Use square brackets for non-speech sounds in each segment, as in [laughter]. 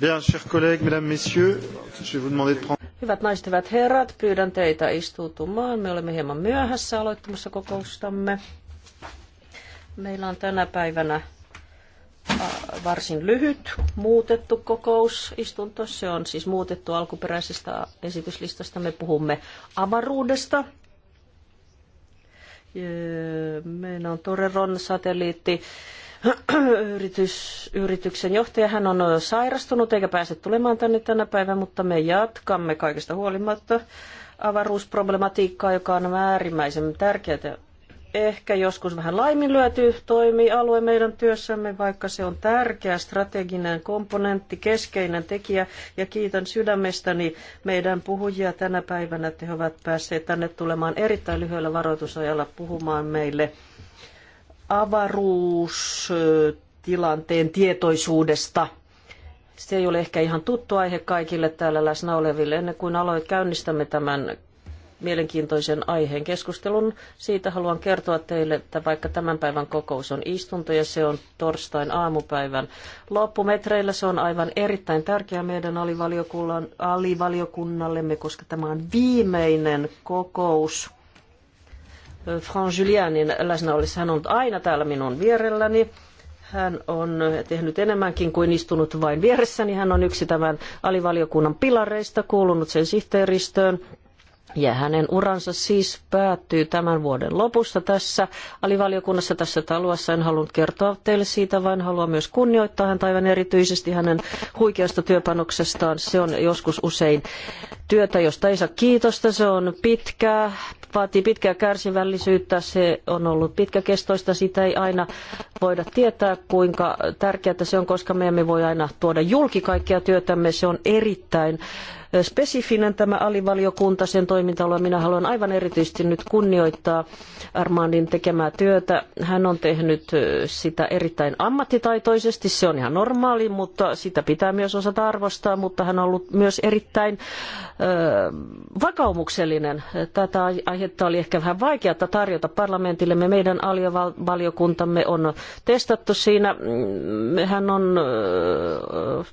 Bien, chers collègues, mesdames, messieurs, je vais vous demander de prendre... Hyvät naiset, hyvät herrat, pyydän teitä istuutumaan. Me olemme hieman myöhässä aloittamassa kokoustamme. Meillä on tänä päivänä varsin lyhyt muutettu kokousistunto. Se on siis muutettu alkuperäisestä esityslistasta. Me puhumme avaruudesta. Meillä on Toreron satelliitti [clears throat] yritys, yrityksen johtaja. Hän on sairastunut eikä pääse tulemaan tänne tänä päivänä, mutta me jatkamme kaikesta huolimatta avaruusproblematiikkaa, joka on äärimmäisen tärkeää. Ehkä joskus vähän laiminlyöty toimialue meidän työssämme, vaikka se on tärkeä strateginen komponentti, keskeinen tekijä. Ja kiitän sydämestäni meidän puhujia tänä päivänä, että he ovat päässeet tänne tulemaan erittäin lyhyellä varoitusajalla puhumaan meille – avaruustilanteen tietoisuudesta. Se ei ole ehkä ihan tuttu aihe kaikille täällä läsnä oleville. Ennen kuin aloit käynnistämme tämän mielenkiintoisen aiheen keskustelun, siitä haluan kertoa teille, että vaikka tämän päivän kokous on istunto ja se on torstain aamupäivän loppumetreillä, se on aivan erittäin tärkeä meidän alivaliokunnallemme, koska tämä on viimeinen kokous Fran Julianin läsnä olisi. Hän on aina täällä minun vierelläni. Hän on tehnyt enemmänkin kuin istunut vain vieressäni. Hän on yksi tämän alivaliokunnan pilareista, kuulunut sen sihteeristöön ja hänen uransa siis päättyy tämän vuoden lopussa tässä alivaliokunnassa tässä talossa. En halunnut kertoa teille siitä, vaan haluan myös kunnioittaa häntä aivan erityisesti hänen huikeasta työpanoksestaan. Se on joskus usein työtä, josta ei saa kiitosta. Se on pitkää, vaatii pitkää kärsivällisyyttä. Se on ollut pitkäkestoista. Sitä ei aina voida tietää, kuinka tärkeää se on, koska me emme voi aina tuoda julki kaikkea työtämme. Se on erittäin spesifinen tämä alivaliokunta, sen toiminta Minä haluan aivan erityisesti nyt kunnioittaa Armandin tekemää työtä. Hän on tehnyt sitä erittäin ammattitaitoisesti, se on ihan normaali, mutta sitä pitää myös osata arvostaa, mutta hän on ollut myös erittäin ö, vakaumuksellinen. Tätä aihetta oli ehkä vähän vaikeata tarjota parlamentille. Me meidän alivaliokuntamme on testattu siinä. Mm, hän on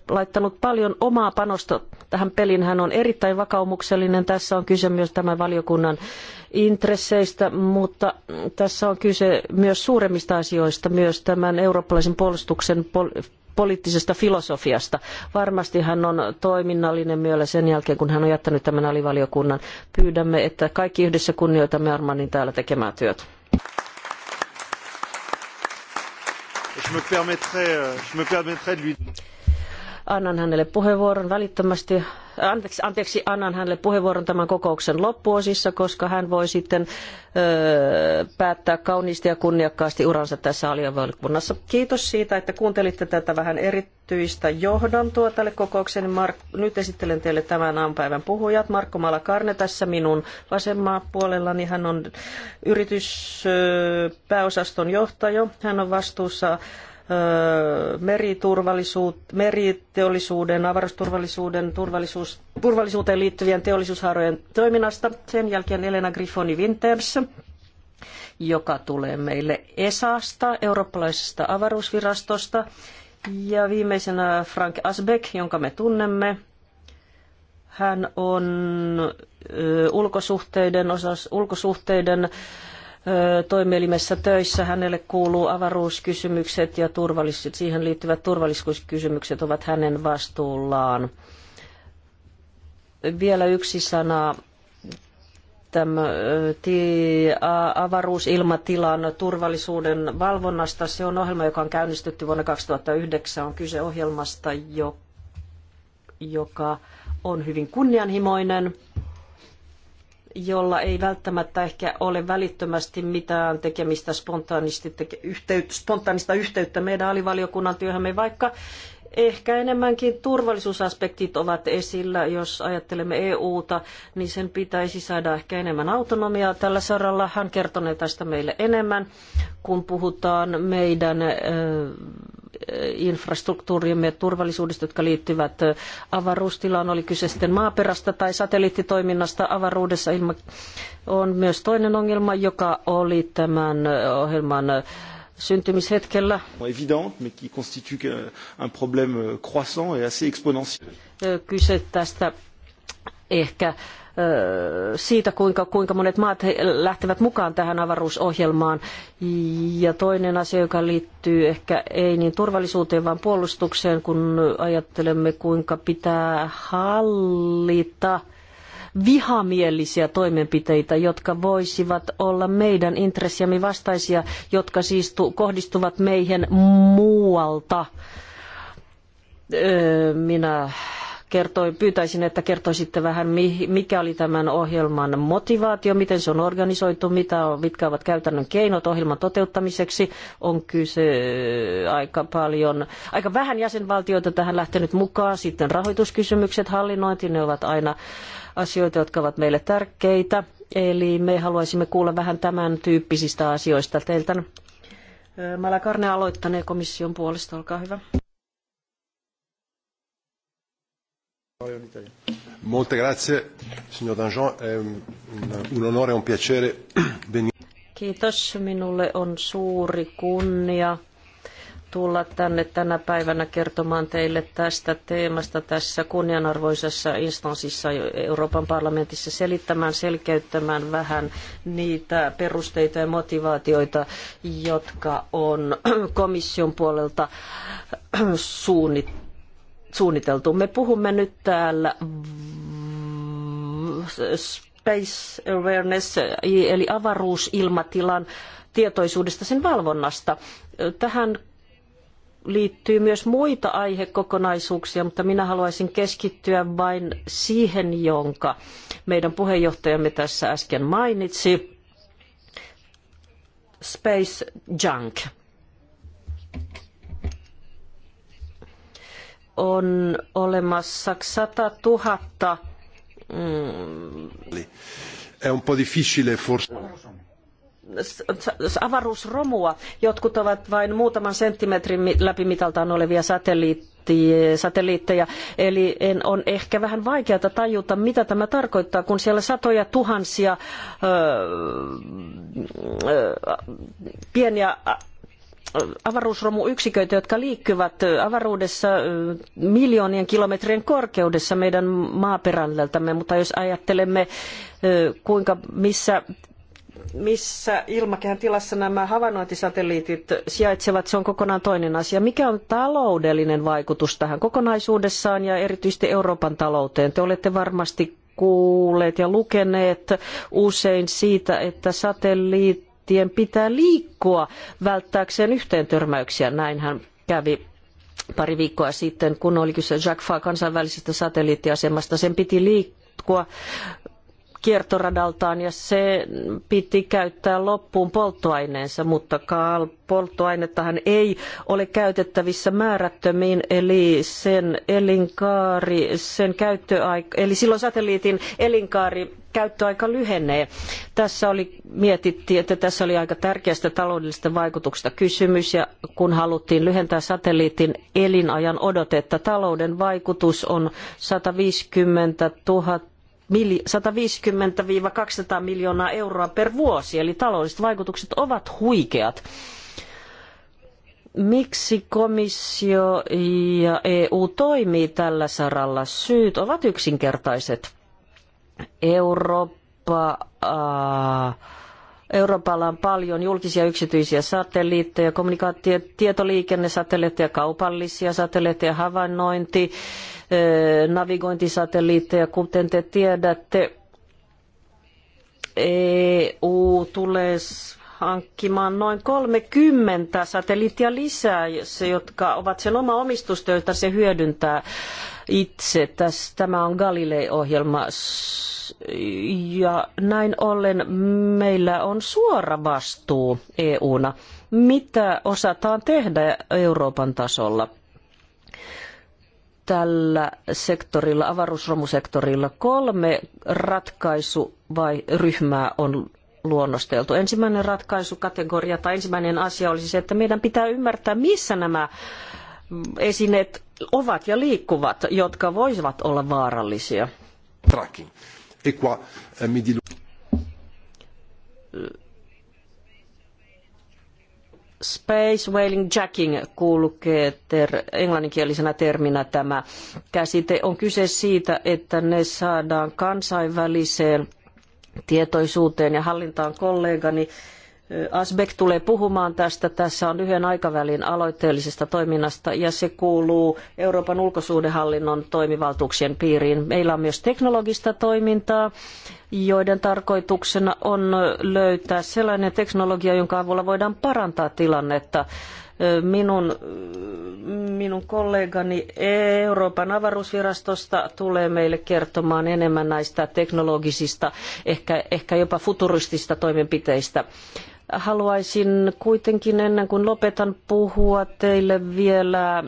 laittanut paljon omaa panosta tähän peliin hän on erittäin vakaumuksellinen. Tässä on kyse myös tämän valiokunnan intresseistä, mutta tässä on kyse myös suuremmista asioista, myös tämän eurooppalaisen puolustuksen poliittisesta filosofiasta. Varmasti hän on toiminnallinen myöllä sen jälkeen, kun hän on jättänyt tämän alivaliokunnan. Pyydämme, että kaikki yhdessä kunnioitamme Armanin täällä tekemää työtä. Je me permettrai, euh, je me permettrai de lui... Annan hänelle puheenvuoron välittömästi. Anteeksi, anteeksi annan hänelle puheenvuoron tämän kokouksen loppuosissa, koska hän voi sitten öö, päättää kauniisti ja kunniakkaasti uransa tässä aluevaliokunnassa. Kiitos siitä, että kuuntelitte tätä vähän erityistä johdantoa tälle kokoukseen. Mark, nyt esittelen teille tämän aamupäivän puhujat. Markko Malakarne tässä minun vasemmalla puolellani. Hän on yrityspääosaston johtaja. Hän on vastuussa meriturvallisuut, meriteollisuuden, avaruusturvallisuuden, turvallisuus, turvallisuuteen liittyvien teollisuushaarojen toiminnasta. Sen jälkeen Elena Griffoni Winters, joka tulee meille ESAsta, eurooppalaisesta avaruusvirastosta. Ja viimeisenä Frank Asbeck, jonka me tunnemme. Hän on ulkosuhteiden, osas, ulkosuhteiden toimielimessä töissä. Hänelle kuuluu avaruuskysymykset ja turvallis- siihen liittyvät turvallisuuskysymykset ovat hänen vastuullaan. Vielä yksi sana tämän avaruusilmatilan turvallisuuden valvonnasta. Se on ohjelma, joka on käynnistetty vuonna 2009. On kyse ohjelmasta, joka on hyvin kunnianhimoinen – jolla ei välttämättä ehkä ole välittömästi mitään tekemistä spontaanista yhteyttä meidän alivaliokunnan työhömme, vaikka Ehkä enemmänkin turvallisuusaspektit ovat esillä, jos ajattelemme EUta, niin sen pitäisi saada ehkä enemmän autonomiaa tällä saralla. Hän kertoo tästä meille enemmän, kun puhutaan meidän infrastruktuurimme turvallisuudesta, jotka liittyvät avaruustilaan, oli kyse sitten maaperästä tai satelliittitoiminnasta avaruudessa. On myös toinen ongelma, joka oli tämän ohjelman syntymishetkellä. Kyse tästä ehkä siitä, kuinka, kuinka monet maat lähtevät mukaan tähän avaruusohjelmaan. Ja toinen asia, joka liittyy ehkä ei niin turvallisuuteen, vaan puolustukseen, kun ajattelemme, kuinka pitää hallita – vihamielisiä toimenpiteitä, jotka voisivat olla meidän intressiämme vastaisia, jotka siis kohdistuvat meihin muualta. Minä kertoi, pyytäisin, että kertoisitte vähän, mikä oli tämän ohjelman motivaatio, miten se on organisoitu, mitä, on, mitkä ovat käytännön keinot ohjelman toteuttamiseksi. On kyse aika paljon, aika vähän jäsenvaltioita tähän lähtenyt mukaan. Sitten rahoituskysymykset, hallinnointi, ne ovat aina asioita, jotka ovat meille tärkeitä. Eli me haluaisimme kuulla vähän tämän tyyppisistä asioista teiltä. Malakarne aloittanee komission puolesta, olkaa hyvä. Molte grazie, signor Danjean. Un onore, un piacere. Kiitos. Minulle on suuri kunnia tulla tänne tänä päivänä kertomaan teille tästä teemasta tässä kunnianarvoisessa instanssissa Euroopan parlamentissa selittämään, selkeyttämään vähän niitä perusteita ja motivaatioita, jotka on komission puolelta suunnittu suunniteltu. Me puhumme nyt täällä Space Awareness, eli avaruusilmatilan tietoisuudesta, sen valvonnasta. Tähän liittyy myös muita aihekokonaisuuksia, mutta minä haluaisin keskittyä vain siihen, jonka meidän puheenjohtajamme tässä äsken mainitsi, Space Junk – on olemassa 100 000 mm, È un po' difficile forse avaruusromua. Jotkut ovat vain muutaman senttimetrin läpimitaltaan olevia satelliitteja, eli on ehkä vähän vaikeaa tajuta, mitä tämä tarkoittaa, kun siellä satoja tuhansia öö, öö, pieniä avaruusromuyksiköitä, jotka liikkuvat avaruudessa miljoonien kilometrien korkeudessa meidän maaperältämme, mutta jos ajattelemme kuinka missä missä ilmakehän tilassa nämä havainnointisatelliitit sijaitsevat, se on kokonaan toinen asia. Mikä on taloudellinen vaikutus tähän kokonaisuudessaan ja erityisesti Euroopan talouteen? Te olette varmasti kuulleet ja lukeneet usein siitä, että satelliit rattien pitää liikkua välttääkseen yhteentörmäyksiä. Näinhän kävi pari viikkoa sitten, kun oli kyse Jacques Faa kansainvälisestä satelliittiasemasta. Sen piti liikkua kiertoradaltaan ja se piti käyttää loppuun polttoaineensa, mutta kal- polttoainettahan ei ole käytettävissä määrättömiin, eli sen elinkaari, sen käyttöaika, eli silloin satelliitin elinkaari käyttöaika lyhenee. Tässä oli, mietittiin, että tässä oli aika tärkeästä taloudellisesta vaikutuksesta kysymys, ja kun haluttiin lyhentää satelliitin elinajan odotetta, talouden vaikutus on 150 000 150-200 miljoonaa euroa per vuosi, eli taloudelliset vaikutukset ovat huikeat. Miksi komissio ja EU toimii tällä saralla? Syyt ovat yksinkertaiset. Eurooppa... Äh, Euroopalla on paljon julkisia ja yksityisiä satelliitteja, kommunikaatio, tietoliikennesatelliitteja, kaupallisia satelliitteja, havainnointi, navigointisatelliitteja. Kuten te tiedätte, EU tulee hankkimaan noin 30 satelliittia lisää, jotka ovat sen oma omistusta, joita se hyödyntää itse. Tämä on Galilei-ohjelma ja näin ollen meillä on suora vastuu EUna. Mitä osataan tehdä Euroopan tasolla? tällä sektorilla, avaruusromusektorilla, kolme ratkaisuryhmää on luonnosteltu. Ensimmäinen ratkaisukategoria tai ensimmäinen asia olisi se, että meidän pitää ymmärtää, missä nämä esineet ovat ja liikkuvat, jotka voisivat olla vaarallisia. Tracking. E eh, Space Whaling Jacking kulkee ter- englanninkielisenä terminä tämä käsite. On kyse siitä, että ne saadaan kansainväliseen tietoisuuteen ja hallintaan kollegani. Asbek tulee puhumaan tästä. Tässä on lyhyen aikavälin aloitteellisesta toiminnasta ja se kuuluu Euroopan ulkosuhdehallinnon toimivaltuuksien piiriin. Meillä on myös teknologista toimintaa, joiden tarkoituksena on löytää sellainen teknologia, jonka avulla voidaan parantaa tilannetta Minun, minun kollegani Euroopan avaruusvirastosta tulee meille kertomaan enemmän näistä teknologisista, ehkä, ehkä jopa futuristista toimenpiteistä haluaisin kuitenkin ennen kuin lopetan puhua teille vielä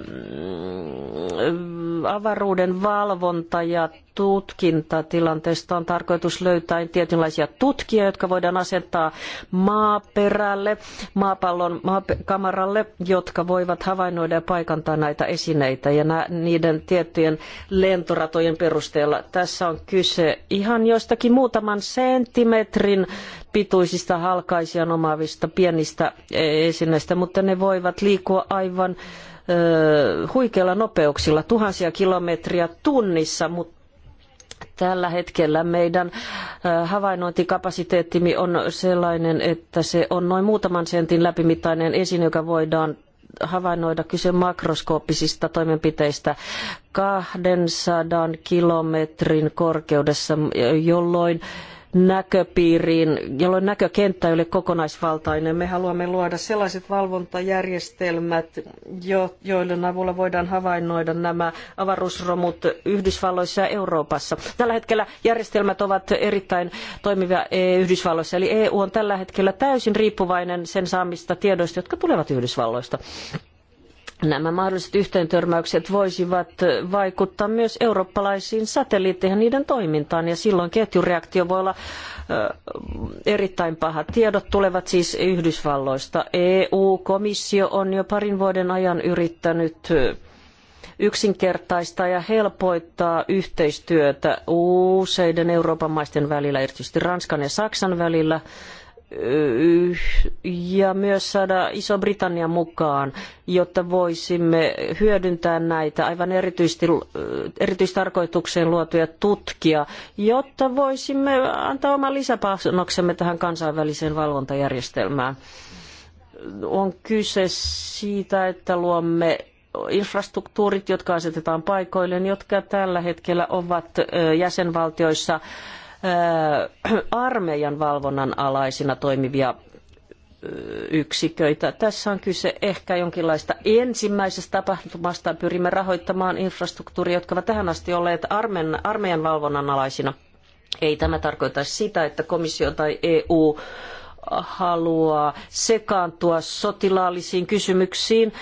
mm, avaruuden valvonta ja tutkintatilanteesta on tarkoitus löytää tietynlaisia tutkia, jotka voidaan asentaa maaperälle, maapallon kamaralle, jotka voivat havainnoida ja paikantaa näitä esineitä ja niiden tiettyjen lentoratojen perusteella. Tässä on kyse ihan jostakin muutaman senttimetrin pituisista halkaisijan omaavista pienistä esineistä, mutta ne voivat liikkua aivan huikeilla nopeuksilla, tuhansia kilometriä tunnissa, mutta Tällä hetkellä meidän havainnointikapasiteettimme on sellainen, että se on noin muutaman sentin läpimittainen esine, joka voidaan havainnoida kyse makroskooppisista toimenpiteistä 200 kilometrin korkeudessa, jolloin näköpiiriin, jolloin näkökenttä ei ole kokonaisvaltainen. Me haluamme luoda sellaiset valvontajärjestelmät, joiden avulla voidaan havainnoida nämä avaruusromut Yhdysvalloissa ja Euroopassa. Tällä hetkellä järjestelmät ovat erittäin toimivia e Yhdysvalloissa, eli EU on tällä hetkellä täysin riippuvainen sen saamista tiedoista, jotka tulevat Yhdysvalloista. Nämä mahdolliset yhteentörmäykset voisivat vaikuttaa myös eurooppalaisiin satelliitteihin niiden toimintaan ja silloin ketjureaktio voi olla erittäin paha. Tiedot tulevat siis Yhdysvalloista. EU-komissio on jo parin vuoden ajan yrittänyt yksinkertaistaa ja helpoittaa yhteistyötä useiden Euroopan maisten välillä, erityisesti Ranskan ja Saksan välillä ja myös saada Iso-Britannia mukaan, jotta voisimme hyödyntää näitä aivan erityisesti, erityistarkoitukseen luotuja tutkia, jotta voisimme antaa oman lisäpanoksemme tähän kansainväliseen valvontajärjestelmään. On kyse siitä, että luomme infrastruktuurit, jotka asetetaan paikoilleen, jotka tällä hetkellä ovat jäsenvaltioissa armeijan valvonnan alaisina toimivia yksiköitä. Tässä on kyse ehkä jonkinlaista ensimmäisestä tapahtumasta. Pyrimme rahoittamaan infrastruktuuria, jotka ovat tähän asti olleet armeen armeijan valvonnan alaisina. Ei tämä tarkoita sitä, että komissio tai EU haluaa sekaantua sotilaallisiin kysymyksiin,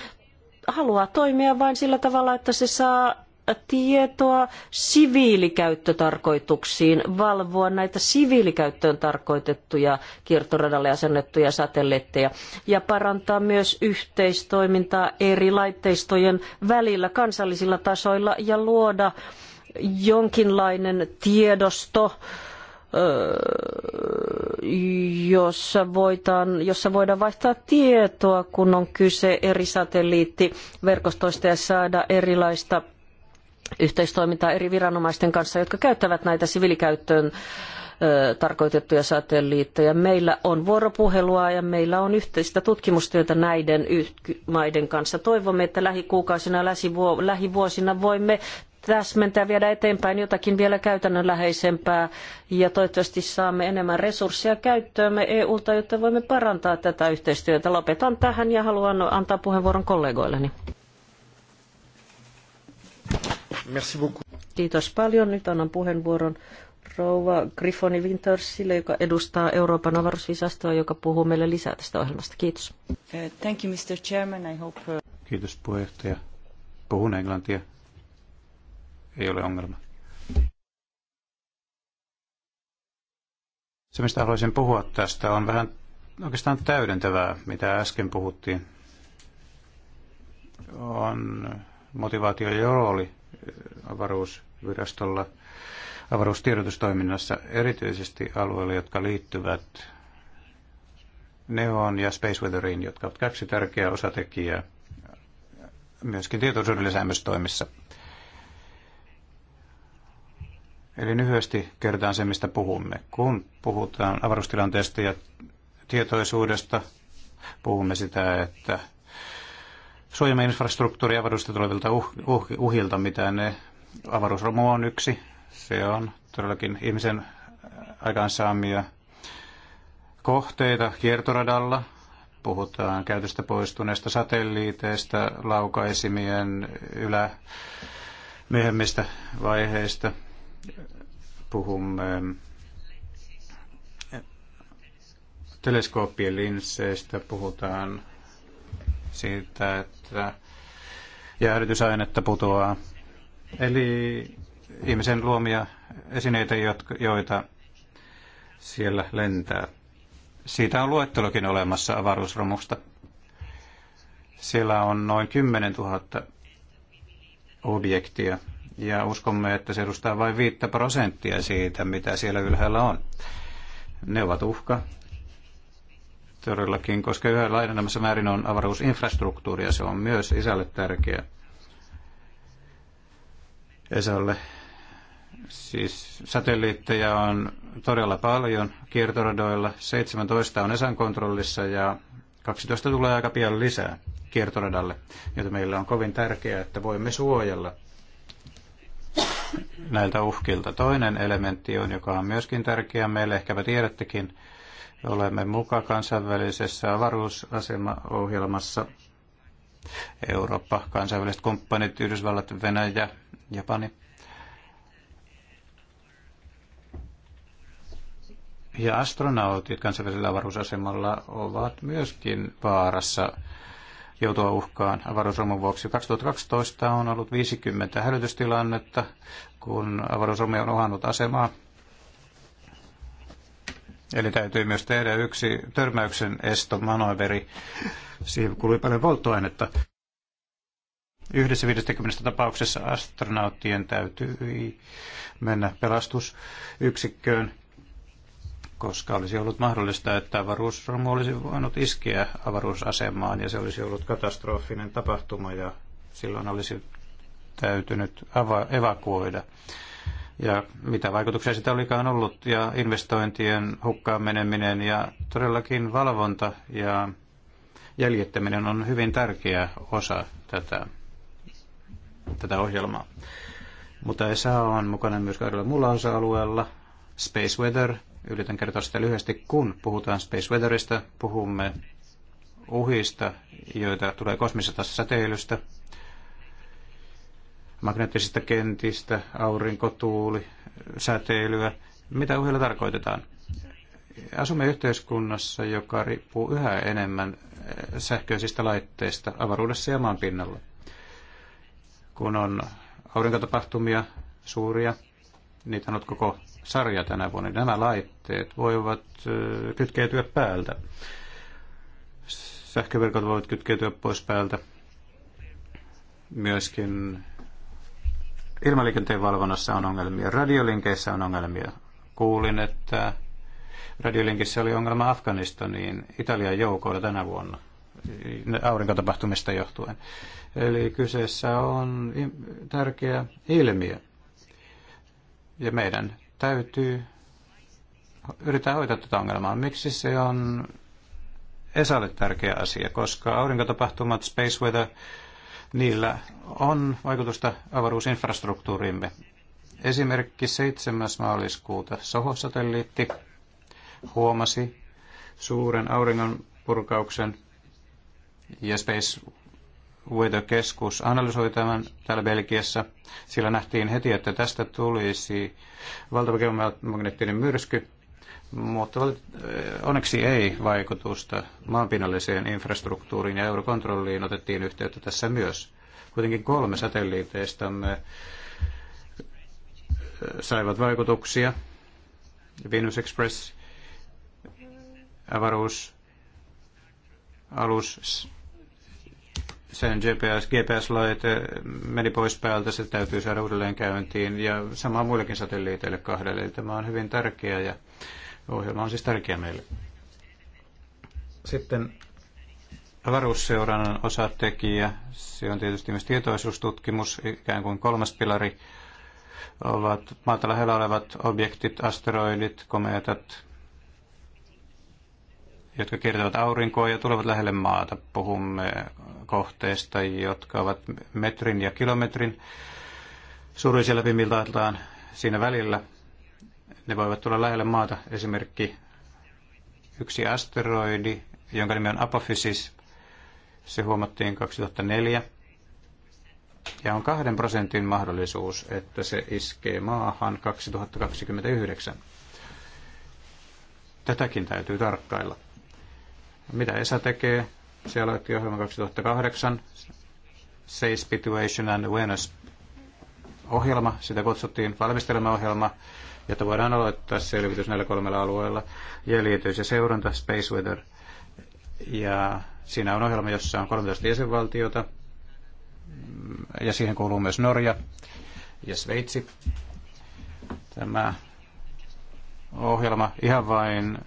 haluaa toimia vain sillä tavalla, että se saa tietoa siviilikäyttötarkoituksiin, valvoa näitä siviilikäyttöön tarkoitettuja kiertoradalle asennettuja satelliitteja ja parantaa myös yhteistoimintaa eri laitteistojen välillä kansallisilla tasoilla ja luoda jonkinlainen tiedosto, öö, jossa, voidaan, jossa voidaan vaihtaa tietoa, kun on kyse eri satelliittiverkostoista ja saada erilaista yhteistoimintaa eri viranomaisten kanssa, jotka käyttävät näitä siviilikäyttöön tarkoitettuja satelliitteja. Meillä on vuoropuhelua ja meillä on yhteistä tutkimustyötä näiden maiden kanssa. Toivomme, että lähikuukausina ja lähivuosina voimme täsmentää, viedä eteenpäin jotakin vielä käytännönläheisempää ja toivottavasti saamme enemmän resursseja käyttöömme EUlta, jotta voimme parantaa tätä yhteistyötä. Lopetan tähän ja haluan antaa puheenvuoron kollegoilleni. Merci beaucoup. Kiitos paljon. Nyt annan puheenvuoron rouva Griffoni Wintersille, joka edustaa Euroopan avaruusvisastoa, joka puhuu meille lisää tästä ohjelmasta. Kiitos. Uh, thank you, Mr. Chairman. I hope... Uh, Kiitos puheenjohtaja. Puhun englantia. Ei ole ongelma. Se, mistä haluaisin puhua tästä, on vähän oikeastaan täydentävää, mitä äsken puhuttiin. On motivaatio ja rooli avaruusvirastolla avaruustiedotustoiminnassa erityisesti alueilla, jotka liittyvät NEOon ja Space Weatheriin, jotka ovat kaksi tärkeää osatekijää myöskin tietoisuuden lisäämistoimissa. Eli lyhyesti kertaan se, mistä puhumme. Kun puhutaan avaruustilanteesta ja tietoisuudesta, puhumme sitä, että Suojamme infrastruktuuria avaruudesta tulevilta uh, uh, uhilta, mitä ne avaruusromu on yksi. Se on todellakin ihmisen aikaansaamia kohteita kiertoradalla. Puhutaan käytöstä poistuneista satelliiteista, laukaisimien ylä myöhemmistä vaiheista. Puhumme teleskooppien linseistä, puhutaan siitä, että jäähdytysainetta putoaa. Eli ihmisen luomia esineitä, joita siellä lentää. Siitä on luettelokin olemassa avaruusromusta. Siellä on noin 10 000 objektia ja uskomme, että se edustaa vain 5 prosenttia siitä, mitä siellä ylhäällä on. Ne ovat uhka sektorillakin, koska yhä laajenemassa määrin on avaruusinfrastruktuuri ja se on myös isälle tärkeä. Esalle. Siis satelliitteja on todella paljon kiertoradoilla. 17 on Esan kontrollissa ja 12 tulee aika pian lisää kiertoradalle, joten meillä on kovin tärkeää, että voimme suojella näiltä uhkilta. Toinen elementti on, joka on myöskin tärkeä meille, ehkäpä tiedättekin, Olemme mukaan kansainvälisessä avaruusasemaohjelmassa. Eurooppa, kansainväliset kumppanit, Yhdysvallat, Venäjä, Japani. Ja astronautit kansainvälisellä avaruusasemalla ovat myöskin vaarassa joutua uhkaan avaruusromun vuoksi. 2012 on ollut 50 hälytystilannetta, kun avaruusromu on uhannut asemaa. Eli täytyy myös tehdä yksi törmäyksen esto manoveri. Siihen kului paljon polttoainetta. Yhdessä 50 tapauksessa astronauttien täytyi mennä pelastusyksikköön, koska olisi ollut mahdollista, että avaruusromu olisi voinut iskeä avaruusasemaan ja se olisi ollut katastrofinen tapahtuma ja silloin olisi täytynyt evakuoida ja mitä vaikutuksia sitä olikaan ollut ja investointien hukkaan meneminen ja todellakin valvonta ja jäljittäminen on hyvin tärkeä osa tätä, tätä ohjelmaa. Mutta ESA on mukana myös kaudella muulla osa-alueella. Space Weather, yritän kertoa sitä lyhyesti, kun puhutaan Space Weatherista, puhumme uhista, joita tulee kosmisesta säteilystä, magneettisista kentistä, aurinko, tuuli, säteilyä. Mitä ohjeella tarkoitetaan? Asumme yhteiskunnassa, joka riippuu yhä enemmän eh, sähköisistä laitteista avaruudessa ja maan pinnalla. Kun on aurinkotapahtumia suuria, niitä on koko sarja tänä vuonna, niin nämä laitteet voivat eh, kytkeytyä päältä. Sähköverkot voivat kytkeytyä pois päältä. Myöskin ilmaliikenteen valvonnassa on ongelmia, radiolinkeissä on ongelmia. Kuulin, että radiolinkissä oli ongelma Afganistaniin Italian joukoilla tänä vuonna aurinkotapahtumista johtuen. Eli kyseessä on tärkeä ilmiö. Ja meidän täytyy yrittää hoitaa tätä ongelmaa. Miksi se on Esalle tärkeä asia? Koska aurinkotapahtumat, space weather, Niillä on vaikutusta avaruusinfrastruktuurimme. Esimerkki 7. maaliskuuta Soho-satelliitti huomasi suuren auringonpurkauksen ja Space Weather-keskus analysoi tämän täällä Belgiassa. Sillä nähtiin heti, että tästä tulisi valtava geomagneettinen myrsky, mutta eh, onneksi ei vaikutusta maanpinnalliseen infrastruktuuriin ja eurokontrolliin otettiin yhteyttä tässä myös. Kuitenkin kolme satelliiteistamme eh, saivat vaikutuksia. Venus Express, avaruus, alus, sen GPS, GPS-laite eh, meni pois päältä, se täytyy saada uudelleen käyntiin ja sama muillekin satelliiteille kahdelle. Eli tämä on hyvin tärkeää ja Ohjelma on siis tärkeä meille. Sitten avaruusseurannan osatekijä, se on tietysti myös tietoisuustutkimus, ikään kuin kolmas pilari, ovat maata lähellä olevat objektit, asteroidit, komeetat, jotka kiertävät aurinkoa ja tulevat lähelle maata. Puhumme kohteista, jotka ovat metrin ja kilometrin suuruisia läpimiltaan siinä välillä – ne voivat tulla lähelle maata. Esimerkki yksi asteroidi, jonka nimi on Apophysis. Se huomattiin 2004. Ja on kahden prosentin mahdollisuus, että se iskee maahan 2029. Tätäkin täytyy tarkkailla. Mitä ESA tekee? Se aloitti ohjelman 2008, Safe Situation and Awareness ohjelma, sitä kutsuttiin valmistelemaohjelma, jotta voidaan aloittaa selvitys näillä kolmella alueella. Jäljitys ja seuranta, Space Weather. Ja siinä on ohjelma, jossa on 13 jäsenvaltiota, ja siihen kuuluu myös Norja ja Sveitsi. Tämä ohjelma ihan vain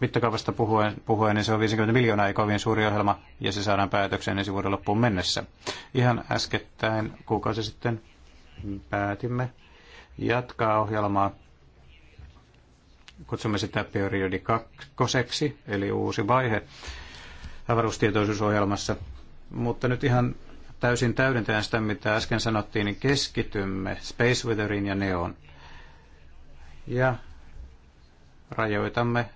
mittakaavasta puhuen, puhuen, niin se on 50 miljoonaa, ei kovin suuri ohjelma, ja se saadaan päätökseen ensi vuoden loppuun mennessä. Ihan äskettäin, kuukausi sitten, päätimme jatkaa ohjelmaa. Kutsumme sitä periodi kakkoseksi, eli uusi vaihe avaruustietoisuusohjelmassa. Mutta nyt ihan täysin täydentäen sitä, mitä äsken sanottiin, niin keskitymme Space Weatheriin ja Neon. Ja rajoitamme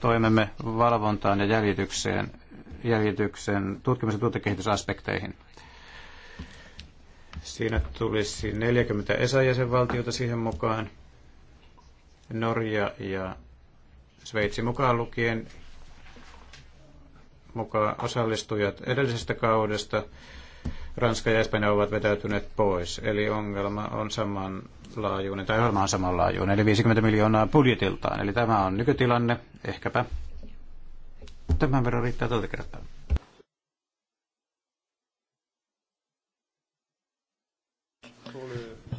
toimemme valvontaan ja jäljitykseen, jäljityksen tutkimus- ja tuotekehitysaspekteihin. Siinä tulisi 40 ESA-jäsenvaltiota siihen mukaan, Norja ja Sveitsi mukaan lukien mukaan osallistujat edellisestä kaudesta. Ranska ja Espanja ovat vetäytyneet pois, eli ongelma on samanlaajuinen, tai ongelma on samanlaajuinen, eli 50 miljoonaa budjetiltaan. Eli tämä on nykytilanne, ehkäpä tämän verran riittää tältä tuota kertaa.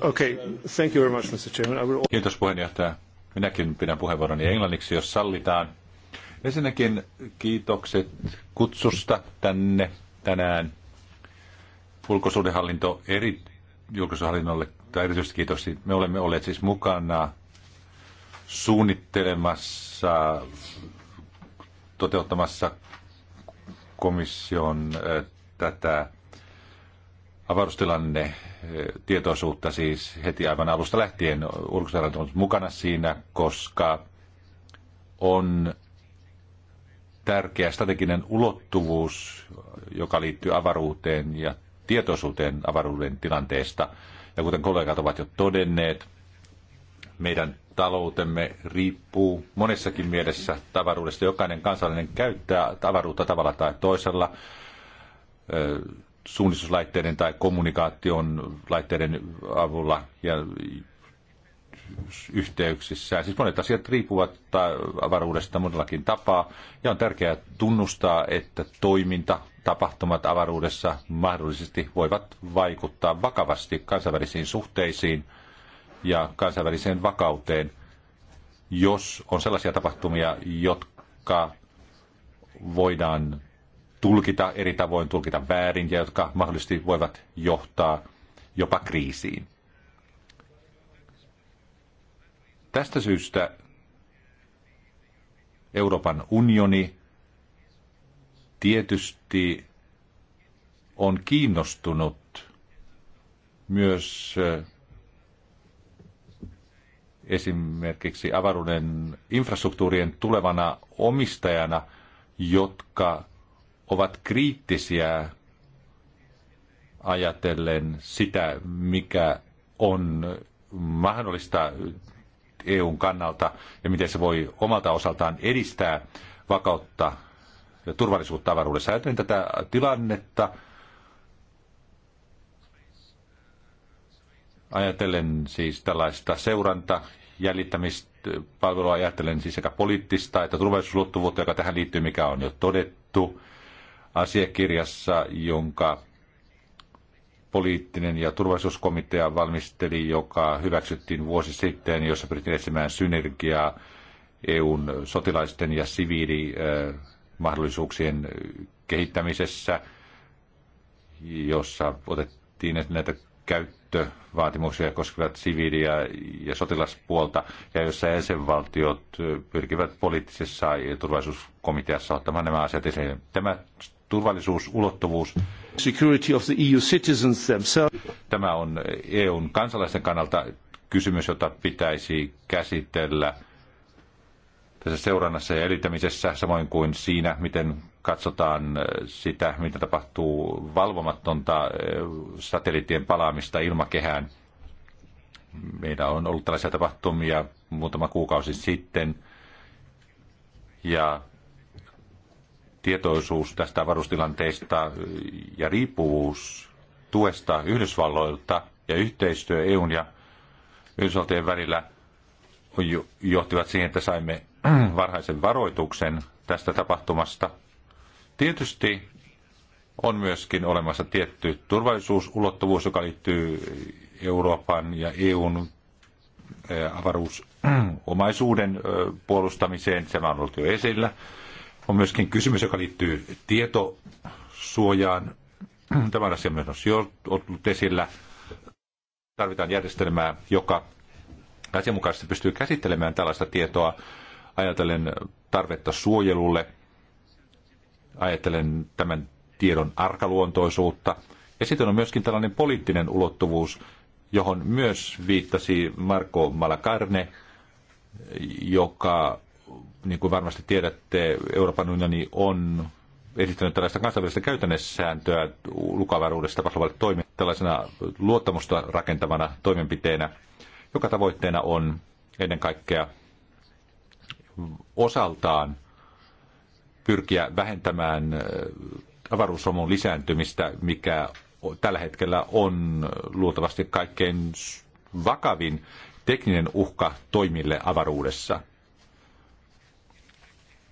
Okay, thank you very much, Mr. Chairman. I will... Kiitos puheenjohtaja. Minäkin pidän puheenvuoroni englanniksi, jos sallitaan. Ensinnäkin kiitokset kutsusta tänne tänään. ulkosuhdehallinto eri, julkisuushallinnolle, tai erityisesti kiitos, me olemme olleet siis mukana suunnittelemassa, toteuttamassa komission äh, tätä avaruustilanne tietoisuutta siis heti aivan alusta lähtien. Ulkoisarjat on mukana siinä, koska on tärkeä strateginen ulottuvuus, joka liittyy avaruuteen ja tietoisuuteen avaruuden tilanteesta. Ja kuten kollegat ovat jo todenneet, meidän taloutemme riippuu monessakin mielessä tavaruudesta. Jokainen kansallinen käyttää tavaruutta tavalla tai toisella suunnistuslaitteiden tai kommunikaation laitteiden avulla ja yhteyksissä. Siis monet asiat riippuvat avaruudesta monellakin tapaa ja on tärkeää tunnustaa, että toiminta, tapahtumat avaruudessa mahdollisesti voivat vaikuttaa vakavasti kansainvälisiin suhteisiin ja kansainväliseen vakauteen, jos on sellaisia tapahtumia, jotka voidaan tulkita eri tavoin, tulkita väärin ja jotka mahdollisesti voivat johtaa jopa kriisiin. Tästä syystä Euroopan unioni tietysti on kiinnostunut myös eh, esimerkiksi avaruuden infrastruktuurien tulevana omistajana, jotka ovat kriittisiä ajatellen sitä, mikä on mahdollista EUn kannalta ja miten se voi omalta osaltaan edistää vakautta ja turvallisuutta avaruudessa. Ajattelen tätä tilannetta, ajatellen siis tällaista seuranta, jäljittämispalvelua, ajatellen siis sekä poliittista että turvallisuusluottuvuutta, joka tähän liittyy, mikä on jo todettu, asiakirjassa, jonka poliittinen ja turvallisuuskomitea valmisteli, joka hyväksyttiin vuosi sitten, jossa pyrittiin etsimään synergiaa EUn sotilaisten ja siviilimahdollisuuksien kehittämisessä, jossa otettiin näitä käyttövaatimuksia koskevat siviiliä ja sotilaspuolta, ja jossa jäsenvaltiot pyrkivät poliittisessa ja turvallisuuskomiteassa ottamaan nämä asiat esille. Tämä turvallisuusulottuvuus. Security of the EU citizens themselves. Tämä on EUn kansalaisten kannalta kysymys, jota pitäisi käsitellä tässä seurannassa ja edittämisessä, samoin kuin siinä, miten katsotaan äh, sitä, mitä tapahtuu valvomatonta äh, satelliittien palaamista ilmakehään. Meillä on ollut tällaisia tapahtumia muutama kuukausi sitten, ja tietoisuus tästä varustilanteesta ja riippuvuus tuesta Yhdysvalloilta ja yhteistyö EUn ja Yhdysvaltojen välillä johtivat siihen, että saimme [clears throat] varhaisen varoituksen tästä tapahtumasta. Tietysti on myöskin olemassa tietty turvallisuusulottuvuus, joka liittyy Euroopan ja EUn avaruusomaisuuden [clears throat] puolustamiseen. Se on ollut jo esillä. On myöskin kysymys, joka liittyy tietosuojaan. [clears throat] Tämä asia myös on ollut esillä. Tarvitaan järjestelmää, joka asianmukaisesti pystyy käsittelemään tällaista tietoa ajatellen tarvetta suojelulle, ajatellen tämän tiedon arkaluontoisuutta. Ja sitten on myöskin tällainen poliittinen ulottuvuus, johon myös viittasi Marko Malakarne, joka niin kuin varmasti tiedätte, Euroopan unioni on esittänyt tällaista kansainvälistä käytännössääntöä lukavaruudessa tapahtuvalle toiminnalle tällaisena luottamusta rakentavana toimenpiteenä, joka tavoitteena on ennen kaikkea osaltaan pyrkiä vähentämään äh, avaruusromun lisääntymistä, mikä tällä hetkellä on luultavasti kaikkein vakavin tekninen uhka toimille avaruudessa –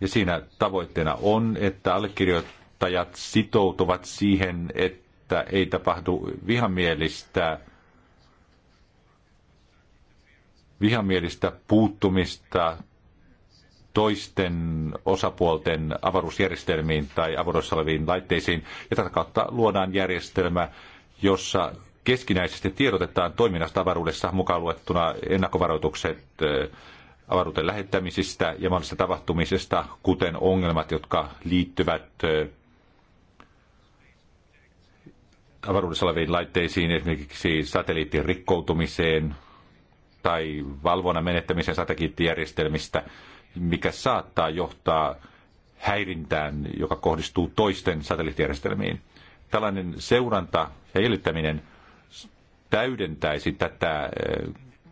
ja siinä tavoitteena on, että allekirjoittajat sitoutuvat siihen, että ei tapahdu vihamielistä, vihamielistä puuttumista toisten osapuolten avaruusjärjestelmiin tai avaruudessa oleviin laitteisiin. Ja tätä kautta luodaan järjestelmä, jossa keskinäisesti tiedotetaan toiminnasta avaruudessa mukaan luettuna ennakkovaroitukset avaruuteen lähettämisistä ja mahdollisista tapahtumisista, kuten ongelmat, jotka liittyvät avaruudessa oleviin laitteisiin, esimerkiksi satelliittien rikkoutumiseen tai valvonnan menettämiseen satelliittijärjestelmistä, mikä saattaa johtaa häirintään, joka kohdistuu toisten satelliittijärjestelmiin. Tällainen seuranta ja jäljittäminen täydentäisi tätä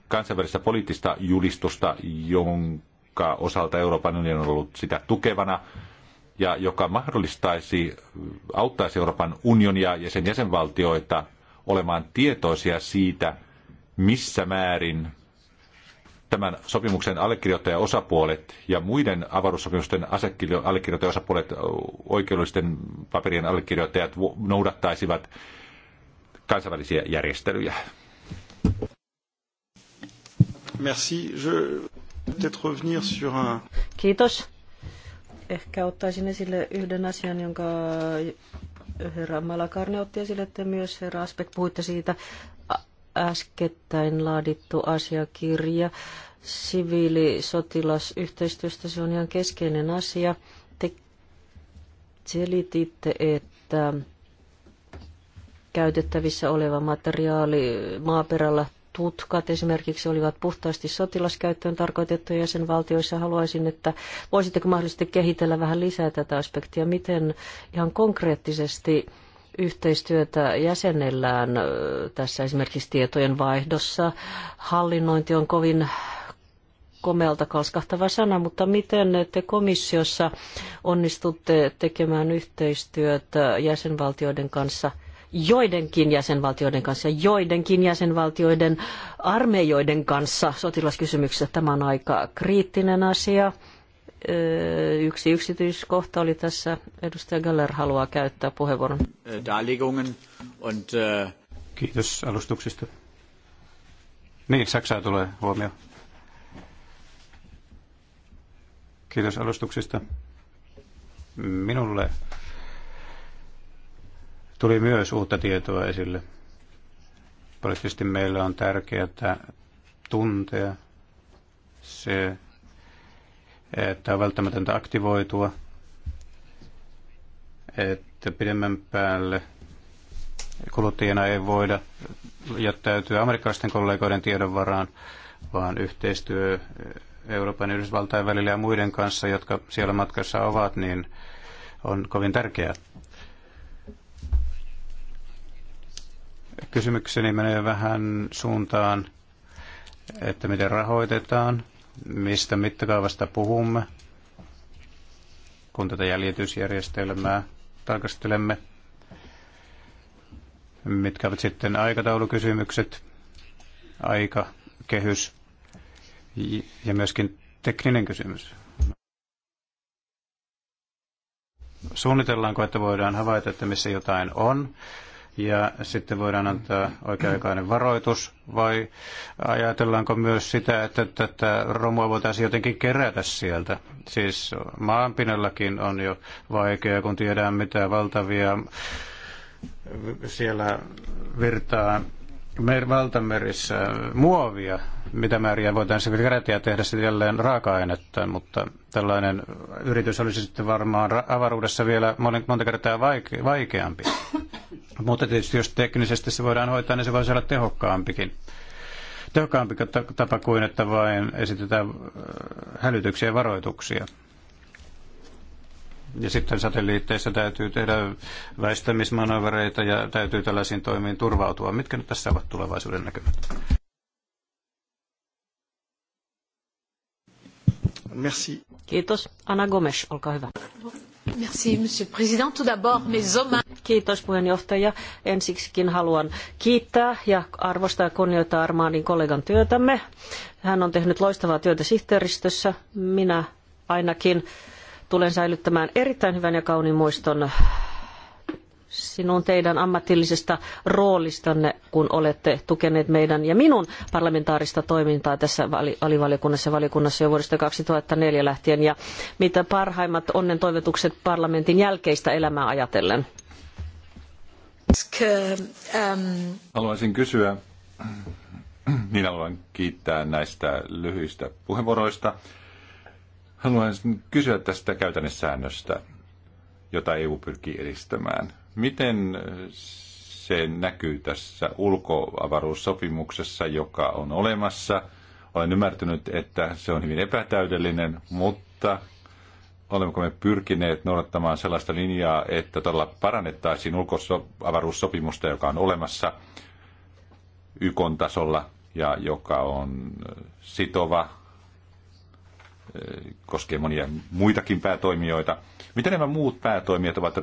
kansainvälistä poliittista julistusta, jonka osalta Euroopan unioni on ollut sitä tukevana ja joka mahdollistaisi, auttaisi Euroopan unionia ja sen jäsenvaltioita olemaan tietoisia siitä, missä määrin tämän sopimuksen osapuolet ja muiden avaruussopimusten allekirjoittaja-osapuolet oikeudellisten paperien allekirjoittajat noudattaisivat kansainvälisiä järjestelyjä. Merci. Je peut-être revenir sur un... Kiitos. Ehkä ottaisin esille yhden asian, jonka herra Malakarne otti esille, että myös herra Aspek puhuitte siitä äskettäin laadittu asiakirja Siviilisotilasyhteistyöstä Se on ihan keskeinen asia. Te selititte, että käytettävissä oleva materiaali maaperällä tutkat esimerkiksi olivat puhtaasti sotilaskäyttöön tarkoitettuja jäsenvaltioissa. Haluaisin, että voisitteko mahdollisesti kehitellä vähän lisää tätä aspektia, miten ihan konkreettisesti yhteistyötä jäsenellään tässä esimerkiksi tietojen vaihdossa. Hallinnointi on kovin komealta kalskahtava sana, mutta miten te komissiossa onnistutte tekemään yhteistyötä jäsenvaltioiden kanssa – joidenkin jäsenvaltioiden kanssa ja joidenkin jäsenvaltioiden armeijoiden kanssa sotilaskysymyksessä. Tämä on aika kriittinen asia. Yksi yksityiskohta oli tässä. Edustaja Galler haluaa käyttää puheenvuoron. Kiitos alustuksista. Niin, Saksaa tulee huomio. Kiitos alustuksista. Minulle tuli myös uutta tietoa esille. Poliittisesti meillä on tärkeää tuntea se, että on välttämätöntä aktivoitua, että pidemmän päälle kuluttajana ei voida jättäytyä amerikkalaisten kollegoiden tiedon varaan, vaan yhteistyö Euroopan ja Yhdysvaltain välillä ja muiden kanssa, jotka siellä matkassa ovat, niin on kovin tärkeää. Kysymykseni menee vähän suuntaan, että miten rahoitetaan, mistä mittakaavasta puhumme, kun tätä jäljitysjärjestelmää tarkastelemme. Mitkä ovat sitten aikataulukysymykset, aika, kehys ja myöskin tekninen kysymys. Suunnitellaanko, että voidaan havaita, että missä jotain on, ja sitten voidaan antaa oikea-aikainen varoitus, vai ajatellaanko myös sitä, että tätä romua voitaisiin jotenkin kerätä sieltä? Siis maanpinnallakin on jo vaikeaa, kun tiedään mitä valtavia siellä virtaa mer- valtamerissä muovia, mitä määriä voitaisiin kerätä ja tehdä sitten jälleen raaka-ainetta, mutta tällainen yritys olisi sitten varmaan avaruudessa vielä monta kertaa vaike- vaikeampi. Mutta tietysti jos teknisesti se voidaan hoitaa, niin se voisi olla tehokkaampikin. Tehokkaampi tapa kuin, että vain esitetään äh, hälytyksiä ja varoituksia. Ja sitten satelliitteissa täytyy tehdä väistämismanövereita ja täytyy tällaisiin toimiin turvautua. Mitkä nyt tässä ovat tulevaisuuden näkymät? Merci. Kiitos. Ana Gomes, olkaa hyvä. Merci, monsieur président. Tout d'abord, mes hommages. Kiitos puheenjohtaja. Ensiksikin haluan kiittää ja arvostaa ja kunnioittaa Armaanin kollegan työtämme. Hän on tehnyt loistavaa työtä sihteeristössä. Minä ainakin tulen säilyttämään erittäin hyvän ja kauniin muiston sinun teidän ammatillisesta roolistanne, kun olette tukeneet meidän ja minun parlamentaarista toimintaa tässä alivaliokunnassa ja valiokunnassa jo vuodesta 2004 lähtien ja mitä parhaimmat onnen toivotukset parlamentin jälkeistä elämää ajatellen. Haluaisin kysyä, niin haluan kiittää näistä lyhyistä puheenvuoroista. Haluaisin kysyä tästä käytännössäännöstä, jota EU pyrkii edistämään. Miten äh, se näkyy tässä ulkoavaruussopimuksessa, joka on olemassa? Olen ymmärtänyt, että se on hyvin epätäydellinen, mutta olemmeko me pyrkineet noudattamaan sellaista linjaa, että todella parannettaisiin ulkoavaruussopimusta, joka on olemassa YK tasolla ja joka on äh, sitova, äh, koskee monia muitakin päätoimijoita. Miten nämä muut päätoimijat ovat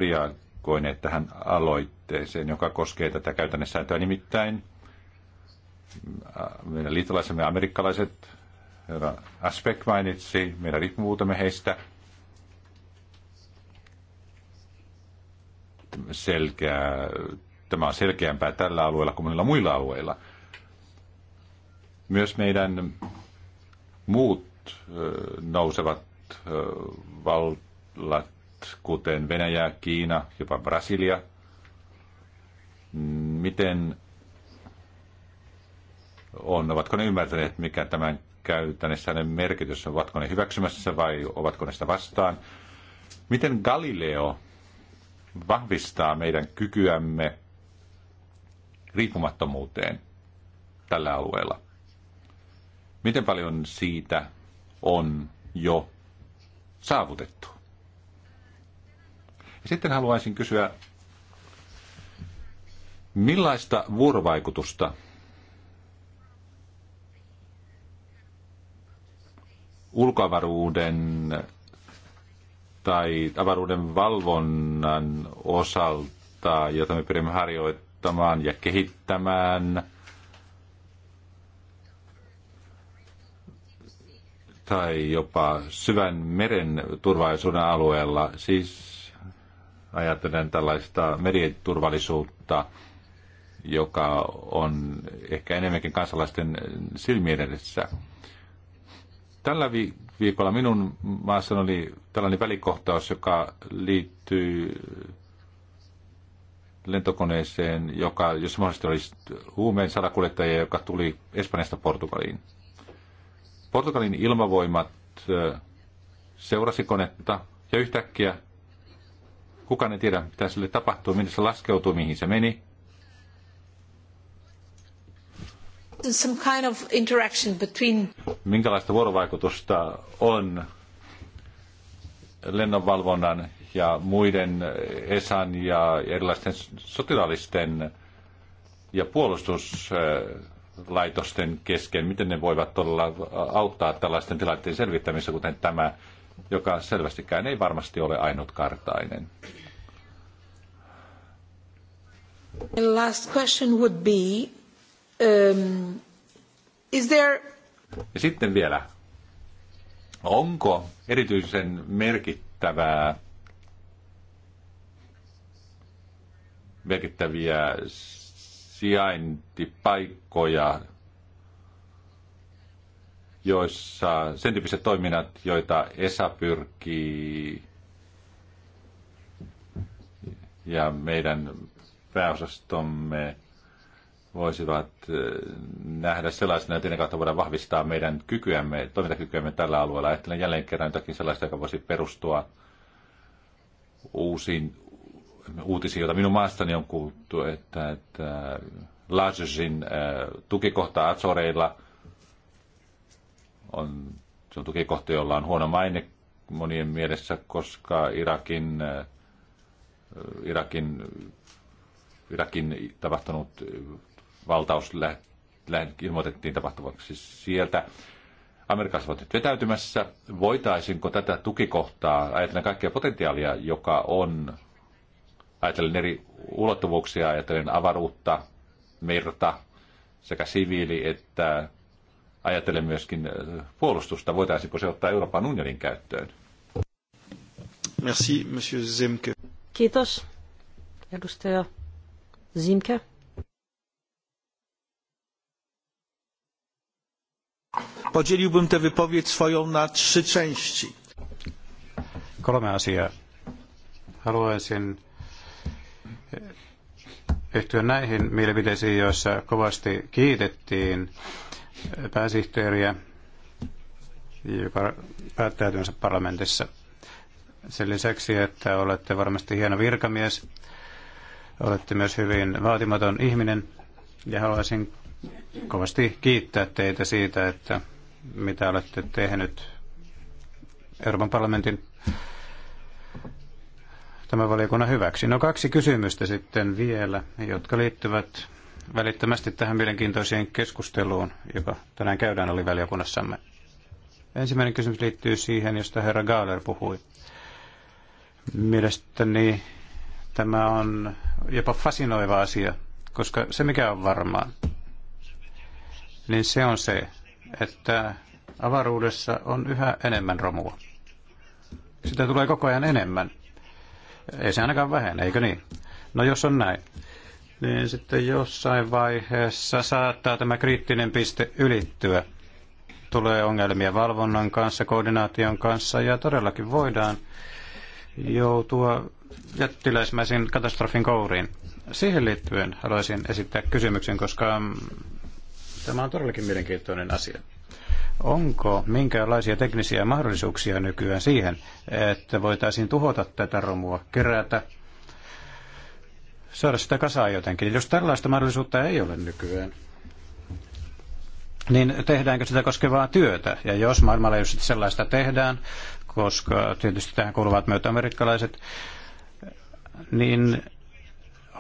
reagoineet tähän aloitteeseen, joka koskee tätä käytännössääntöä. Nimittäin äh, meidän liittolaisemme amerikkalaiset, herra Aspek mainitsi, meidän riippuvuutemme heistä, selkeä, tämä on selkeämpää tällä alueella kuin monilla muilla alueilla. Myös meidän muut äh, nousevat äh, vallat kuten Venäjä, Kiina, jopa Brasilia. Miten on, ovatko ne ymmärtäneet, mikä tämän käytännössä merkitys on, ovatko ne hyväksymässä vai ovatko ne sitä vastaan. Miten Galileo vahvistaa meidän kykyämme riippumattomuuteen tällä alueella? Miten paljon siitä on jo saavutettu? Ja sitten haluaisin kysyä, millaista vuorovaikutusta ulkoavaruuden tai avaruuden valvonnan osalta, jota me pyrimme harjoittamaan ja kehittämään, tai jopa syvän meren turvallisuuden alueella. Siis ajatellen tällaista mediaturvallisuutta, joka on ehkä enemmänkin kansalaisten silmien edessä. Tällä vi- viikolla minun maassani oli tällainen välikohtaus, joka liittyy lentokoneeseen, joka, jos mahdollisesti olisi huumeen salakuljettaja, joka tuli Espanjasta Portugaliin. Portugalin ilmavoimat seurasi konetta ja yhtäkkiä Kukaan ei tiedä, mitä sille tapahtuu, minne se laskeutuu, mihin se meni. Some kind of interaction between... Minkälaista vuorovaikutusta on lennonvalvonnan ja muiden eh, ESAN ja erilaisten sotilaallisten ja puolustuslaitosten kesken, miten ne voivat todella auttaa tällaisten tilanteiden selvittämisessä, kuten tämä joka selvästikään ei varmasti ole ainutkartainen. And last question would be, um, is there... Ja sitten vielä, onko erityisen merkittävää merkittäviä sijaintipaikkoja joissa sen tyyppiset toiminnat, joita ESA pyrkii ja meidän pääosastomme voisivat eh, nähdä sellaisena, että ennen kautta voidaan vahvistaa meidän kykyämme, toimintakykyämme tällä alueella. Ajattelen jälleen kerran jotakin sellaista, joka voisi perustua uusiin uutisiin, joita minun maastani on kuultu, että, että Lajesin eh, tukikohta Azoreilla – on, se on tukikohta, jolla on huono maine monien mielessä, koska Irakin, äh, Irakin, Irakin tapahtunut valtaus lä, lä, ilmoitettiin tapahtuvaksi sieltä. Amerikassa ovat nyt vetäytymässä. Voitaisinko tätä tukikohtaa, ajatellen kaikkea potentiaalia, joka on, ajatellen eri ulottuvuuksia, ajatellen avaruutta, merta, sekä siviili- että ajatellen myöskin äh, puolustusta. Voitaisiinko se ottaa Euroopan unionin käyttöön? Merci, monsieur Zimke. Kiitos, edustaja Zimke. Podzieliłbym tę wypowiedź swoją na trzy części. Kolme asiaa. Haluaisin e, yhtyä näihin mielipiteisiin, joissa kovasti kiitettiin pääsihteeriä, joka päättää työnsä parlamentissa. Sen lisäksi, että olette varmasti hieno virkamies, olette myös hyvin vaatimaton ihminen ja haluaisin kovasti kiittää teitä siitä, että mitä olette tehnyt Euroopan parlamentin tämän valiokunnan hyväksi. No kaksi kysymystä sitten vielä, jotka liittyvät välittömästi tähän mielenkiintoiseen keskusteluun, joka tänään käydään oli valiokunnassamme. Ensimmäinen kysymys liittyy siihen, josta herra Gaaler puhui. Mielestäni tämä on jopa fasinoiva asia, koska se mikä on varmaa, niin se on se, että avaruudessa on yhä enemmän romua. Sitä tulee koko ajan enemmän. Ei se ainakaan vähene, eikö niin? No jos on näin, niin sitten jossain vaiheessa saattaa tämä kriittinen piste ylittyä. Tulee ongelmia valvonnan kanssa, koordinaation kanssa ja todellakin voidaan joutua jättiläismäisen katastrofin kouriin. Siihen liittyen haluaisin esittää kysymyksen, koska mm, tämä on todellakin mielenkiintoinen asia. Onko minkälaisia teknisiä mahdollisuuksia nykyään siihen, että voitaisiin tuhota tätä romua, kerätä saada sitä kasaan jotenkin. Jos tällaista mahdollisuutta ei ole nykyään, niin tehdäänkö sitä koskevaa työtä? Ja jos maailmanlaajuisesti sellaista tehdään, koska tietysti tähän kuuluvat myötä amerikkalaiset, niin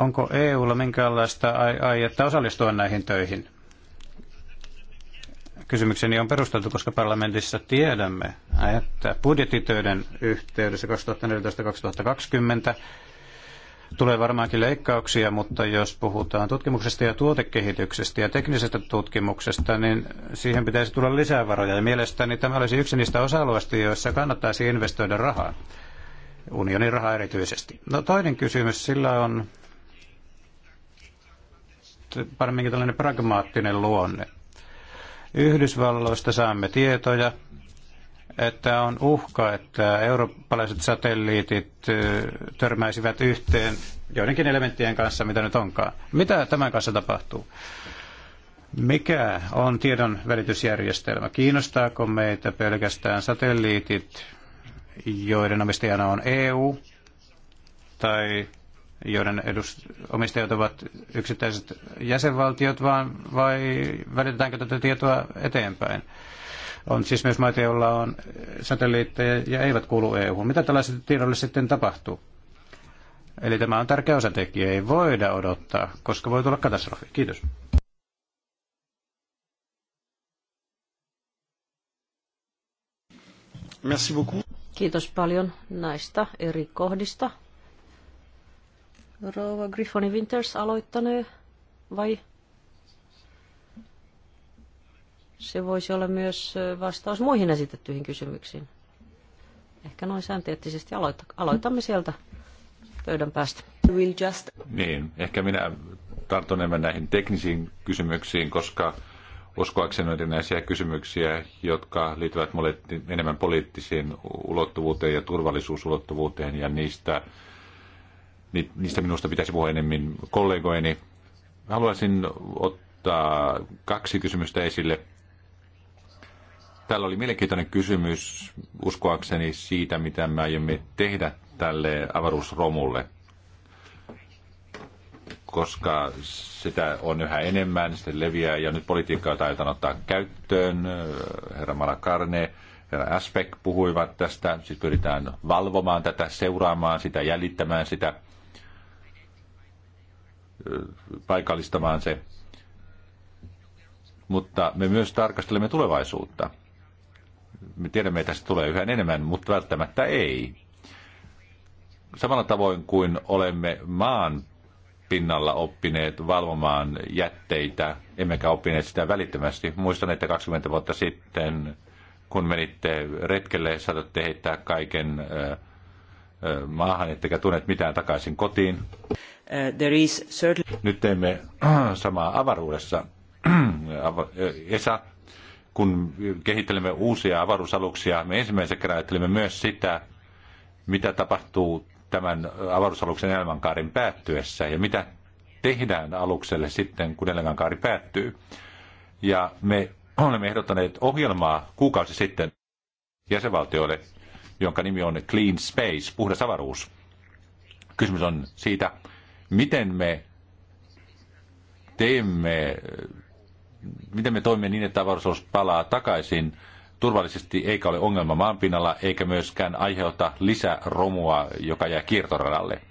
onko EUlla minkäänlaista aietta osallistua näihin töihin? Kysymykseni on perusteltu, koska parlamentissa tiedämme, että budjettitöiden yhteydessä 2014-2020 Tulee varmaankin leikkauksia, mutta jos puhutaan tutkimuksesta ja tuotekehityksestä ja teknisestä tutkimuksesta, niin siihen pitäisi tulla lisää varoja. Ja mielestäni tämä olisi yksi niistä osa-alueista, joissa kannattaisi investoida rahaa, unionin rahaa erityisesti. No toinen kysymys, sillä on paremminkin tällainen pragmaattinen luonne. Yhdysvalloista saamme tietoja, että on uhka, että eurooppalaiset satelliitit törmäisivät yhteen joidenkin elementtien kanssa, mitä nyt onkaan. Mitä tämän kanssa tapahtuu? Mikä on tiedon välitysjärjestelmä? Kiinnostaako meitä pelkästään satelliitit, joiden omistajana on EU, tai joiden edust- omistajat ovat yksittäiset jäsenvaltiot, vaan vai välitetäänkö tätä tietoa eteenpäin? On siis myös maita, joilla on eh, satelliitteja ja eivät kuulu EU. Mitä tällaiset tiedolle sitten tapahtuu? Eli tämä on tärkeä osatekijä. Ei voida odottaa, koska voi tulla katastrofi. Kiitos. Merci beaucoup. Kiitos paljon näistä eri kohdista. Rova Griffoni Winters aloittanee vai Se voisi olla myös vastaus muihin esitettyihin kysymyksiin. Ehkä noin säänteettisesti aloitamme sieltä pöydän päästä. We'll just... Niin, ehkä minä tartun enemmän näihin teknisiin kysymyksiin, koska uskoakseni on erinäisiä kysymyksiä, jotka liittyvät enemmän poliittisiin ulottuvuuteen ja turvallisuusulottuvuuteen, ja niistä, niistä minusta pitäisi puhua enemmän kollegoini. Haluaisin ottaa kaksi kysymystä esille. Täällä oli mielenkiintoinen kysymys uskoakseni siitä, mitä me aiomme tehdä tälle avaruusromulle, koska sitä on yhä enemmän, se leviää ja nyt politiikkaa taitaa ottaa käyttöön. Herra Malakarne, herra Aspek puhuivat tästä, siis pyritään valvomaan tätä, seuraamaan sitä, jäljittämään sitä, paikallistamaan se. Mutta me myös tarkastelemme tulevaisuutta – me tiedämme, että se tulee yhä enemmän, mutta välttämättä ei. Samalla tavoin kuin olemme maan pinnalla oppineet valvomaan jätteitä, emmekä oppineet sitä välittömästi. Muistan, että 20 vuotta sitten, kun menitte retkelle, saatatte heittää kaiken maahan, ettekä tunnet mitään takaisin kotiin. Uh, Nyt teemme [clears throat] samaa avaruudessa. [clears throat] ESA kun kehittelemme uusia avaruusaluksia, me ensimmäisen kerran ajattelemme myös sitä, mitä tapahtuu tämän avaruusaluksen elämänkaarin päättyessä ja mitä tehdään alukselle sitten, kun elämänkaari päättyy. Ja me olemme ehdottaneet ohjelmaa kuukausi sitten jäsenvaltioille, jonka nimi on Clean Space, puhdas avaruus. Kysymys on siitä, miten me teemme miten me toimimme niin, että avaruus palaa takaisin turvallisesti eikä ole ongelma maanpinnalla eikä myöskään aiheuta lisäromua, joka jää kiertoradalle.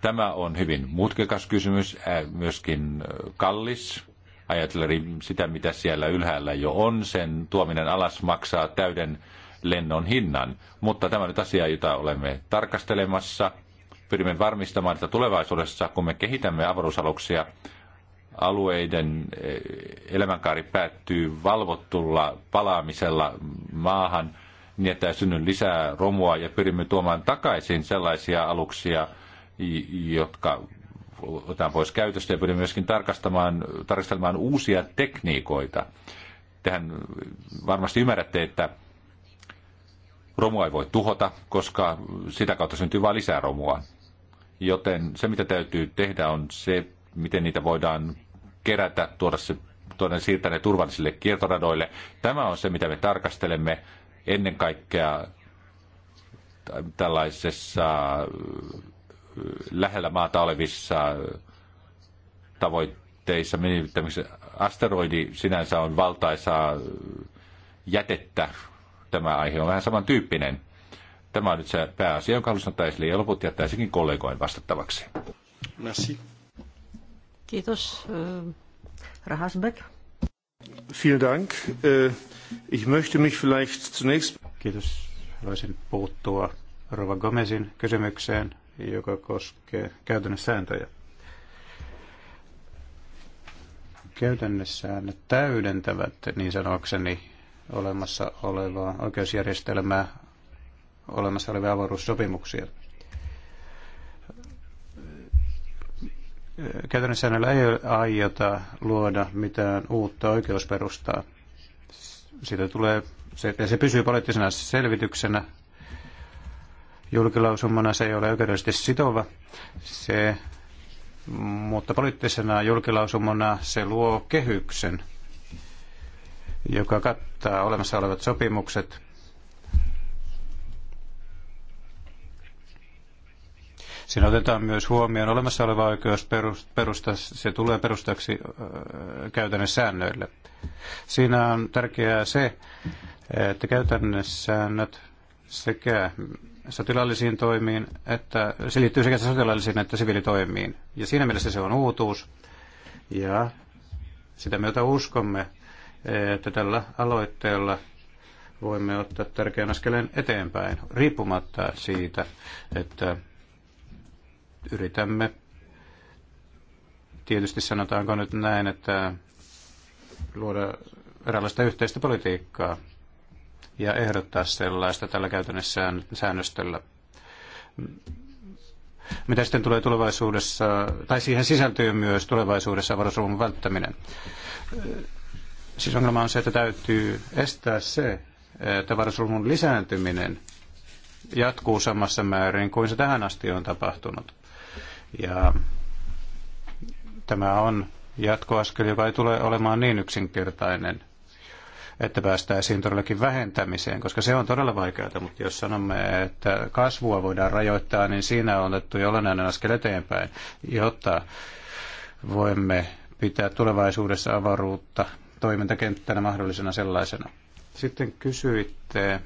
Tämä on hyvin mutkikas kysymys, myöskin kallis. Ajatellen sitä, mitä siellä ylhäällä jo on, sen tuominen alas maksaa täyden lennon hinnan. Mutta tämä on nyt asia, jota olemme tarkastelemassa. Pyrimme varmistamaan, että tulevaisuudessa, kun me kehitämme avaruusaluksia, alueiden eh, elämänkaari päättyy valvottulla palaamisella maahan, niin että synny lisää romua ja pyrimme tuomaan takaisin sellaisia aluksia, jotka otetaan pois käytöstä ja pyrimme myöskin tarkastamaan, tarkastelemaan uusia tekniikoita. Tähän varmasti ymmärrätte, että romua ei voi tuhota, koska sitä kautta syntyy vain lisää romua. Joten se, mitä täytyy tehdä, on se, miten niitä voidaan kerätä, tuoda se tuonne siirtää ne turvallisille kiertoradoille. Tämä on se, mitä me tarkastelemme ennen kaikkea tällaisessa lähellä maata olevissa tavoitteissa. Asteroidi sinänsä on valtaisaa jätettä. Tämä aihe on vähän samantyyppinen. Tämä on nyt se pääasia, jonka haluaisin ottaa esille ja loput jättäisikin kollegoin vastattavaksi. Merci. Kiitos. Äh, Rahasbeck. Vielen Dank. Äh, ich möchte mich vielleicht zunächst... Kiitos. Haluaisin puuttua Rova Gomezin kysymykseen, joka koskee käytännön sääntöjä. Käytännössäännöt täydentävät niin sanokseni olemassa olevaa oikeusjärjestelmää, olemassa olevia avaruussopimuksia. käytännössä hänellä ei aiota luoda mitään uutta oikeusperustaa. Siitä tulee, se, se pysyy poliittisena selvityksenä, julkilausumana se ei ole oikeudellisesti sitova, se, mutta poliittisena julkilausumana se luo kehyksen, joka kattaa olemassa olevat sopimukset Siinä otetaan myös huomioon olemassa oleva oikeus se tulee perustaksi käytännön säännöille. Siinä on tärkeää se, että käytännön säännöt sekä sotilaallisiin toimiin, että se liittyy sekä sotilaallisiin että siviilitoimiin. Ja siinä mielessä se on uutuus. Ja sitä myötä uskomme, että tällä aloitteella voimme ottaa tärkeän askeleen eteenpäin, riippumatta siitä, että yritämme tietysti sanotaanko nyt näin, että luoda eräänlaista yhteistä politiikkaa ja ehdottaa sellaista tällä käytännössä säännöstöllä. Mitä sitten tulee tulevaisuudessa, tai siihen sisältyy myös tulevaisuudessa varustelun välttäminen. Siis ongelma on se, että täytyy estää se, että varusluvun lisääntyminen jatkuu samassa määrin kuin se tähän asti on tapahtunut. Ja tämä on jatkoaskel, joka ei tule olemaan niin yksinkertainen, että päästäisiin todellakin vähentämiseen, koska se on todella vaikeaa, mutta jos sanomme, että kasvua voidaan rajoittaa, niin siinä on otettu jo olennainen askel eteenpäin, jotta voimme pitää tulevaisuudessa avaruutta toimintakenttänä mahdollisena sellaisena. Sitten kysyitte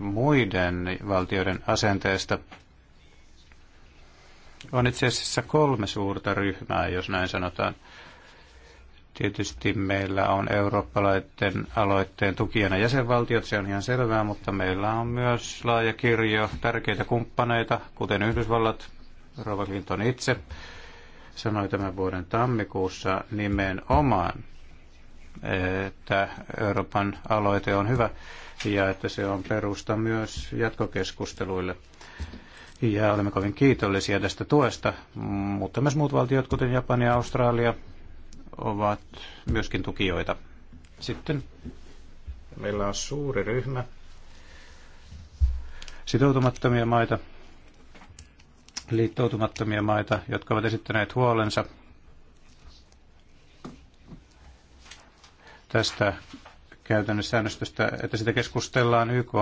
muiden valtioiden asenteesta on itse asiassa kolme suurta ryhmää, jos näin sanotaan. Tietysti meillä on eurooppalaiden aloitteen tukijana jäsenvaltiot, se on ihan selvää, mutta meillä on myös laaja kirjo tärkeitä kumppaneita, kuten Yhdysvallat, Rova Clinton itse sanoi tämän vuoden tammikuussa nimenomaan, että Euroopan aloite on hyvä ja että se on perusta myös jatkokeskusteluille ja olemme kovin kiitollisia tästä tuesta, mutta myös muut valtiot, kuten Japani ja Australia, ovat myöskin tukijoita. Sitten meillä on suuri ryhmä sitoutumattomia maita, liittoutumattomia maita, jotka ovat esittäneet huolensa tästä käytännössä säännöstöstä, että sitä keskustellaan YK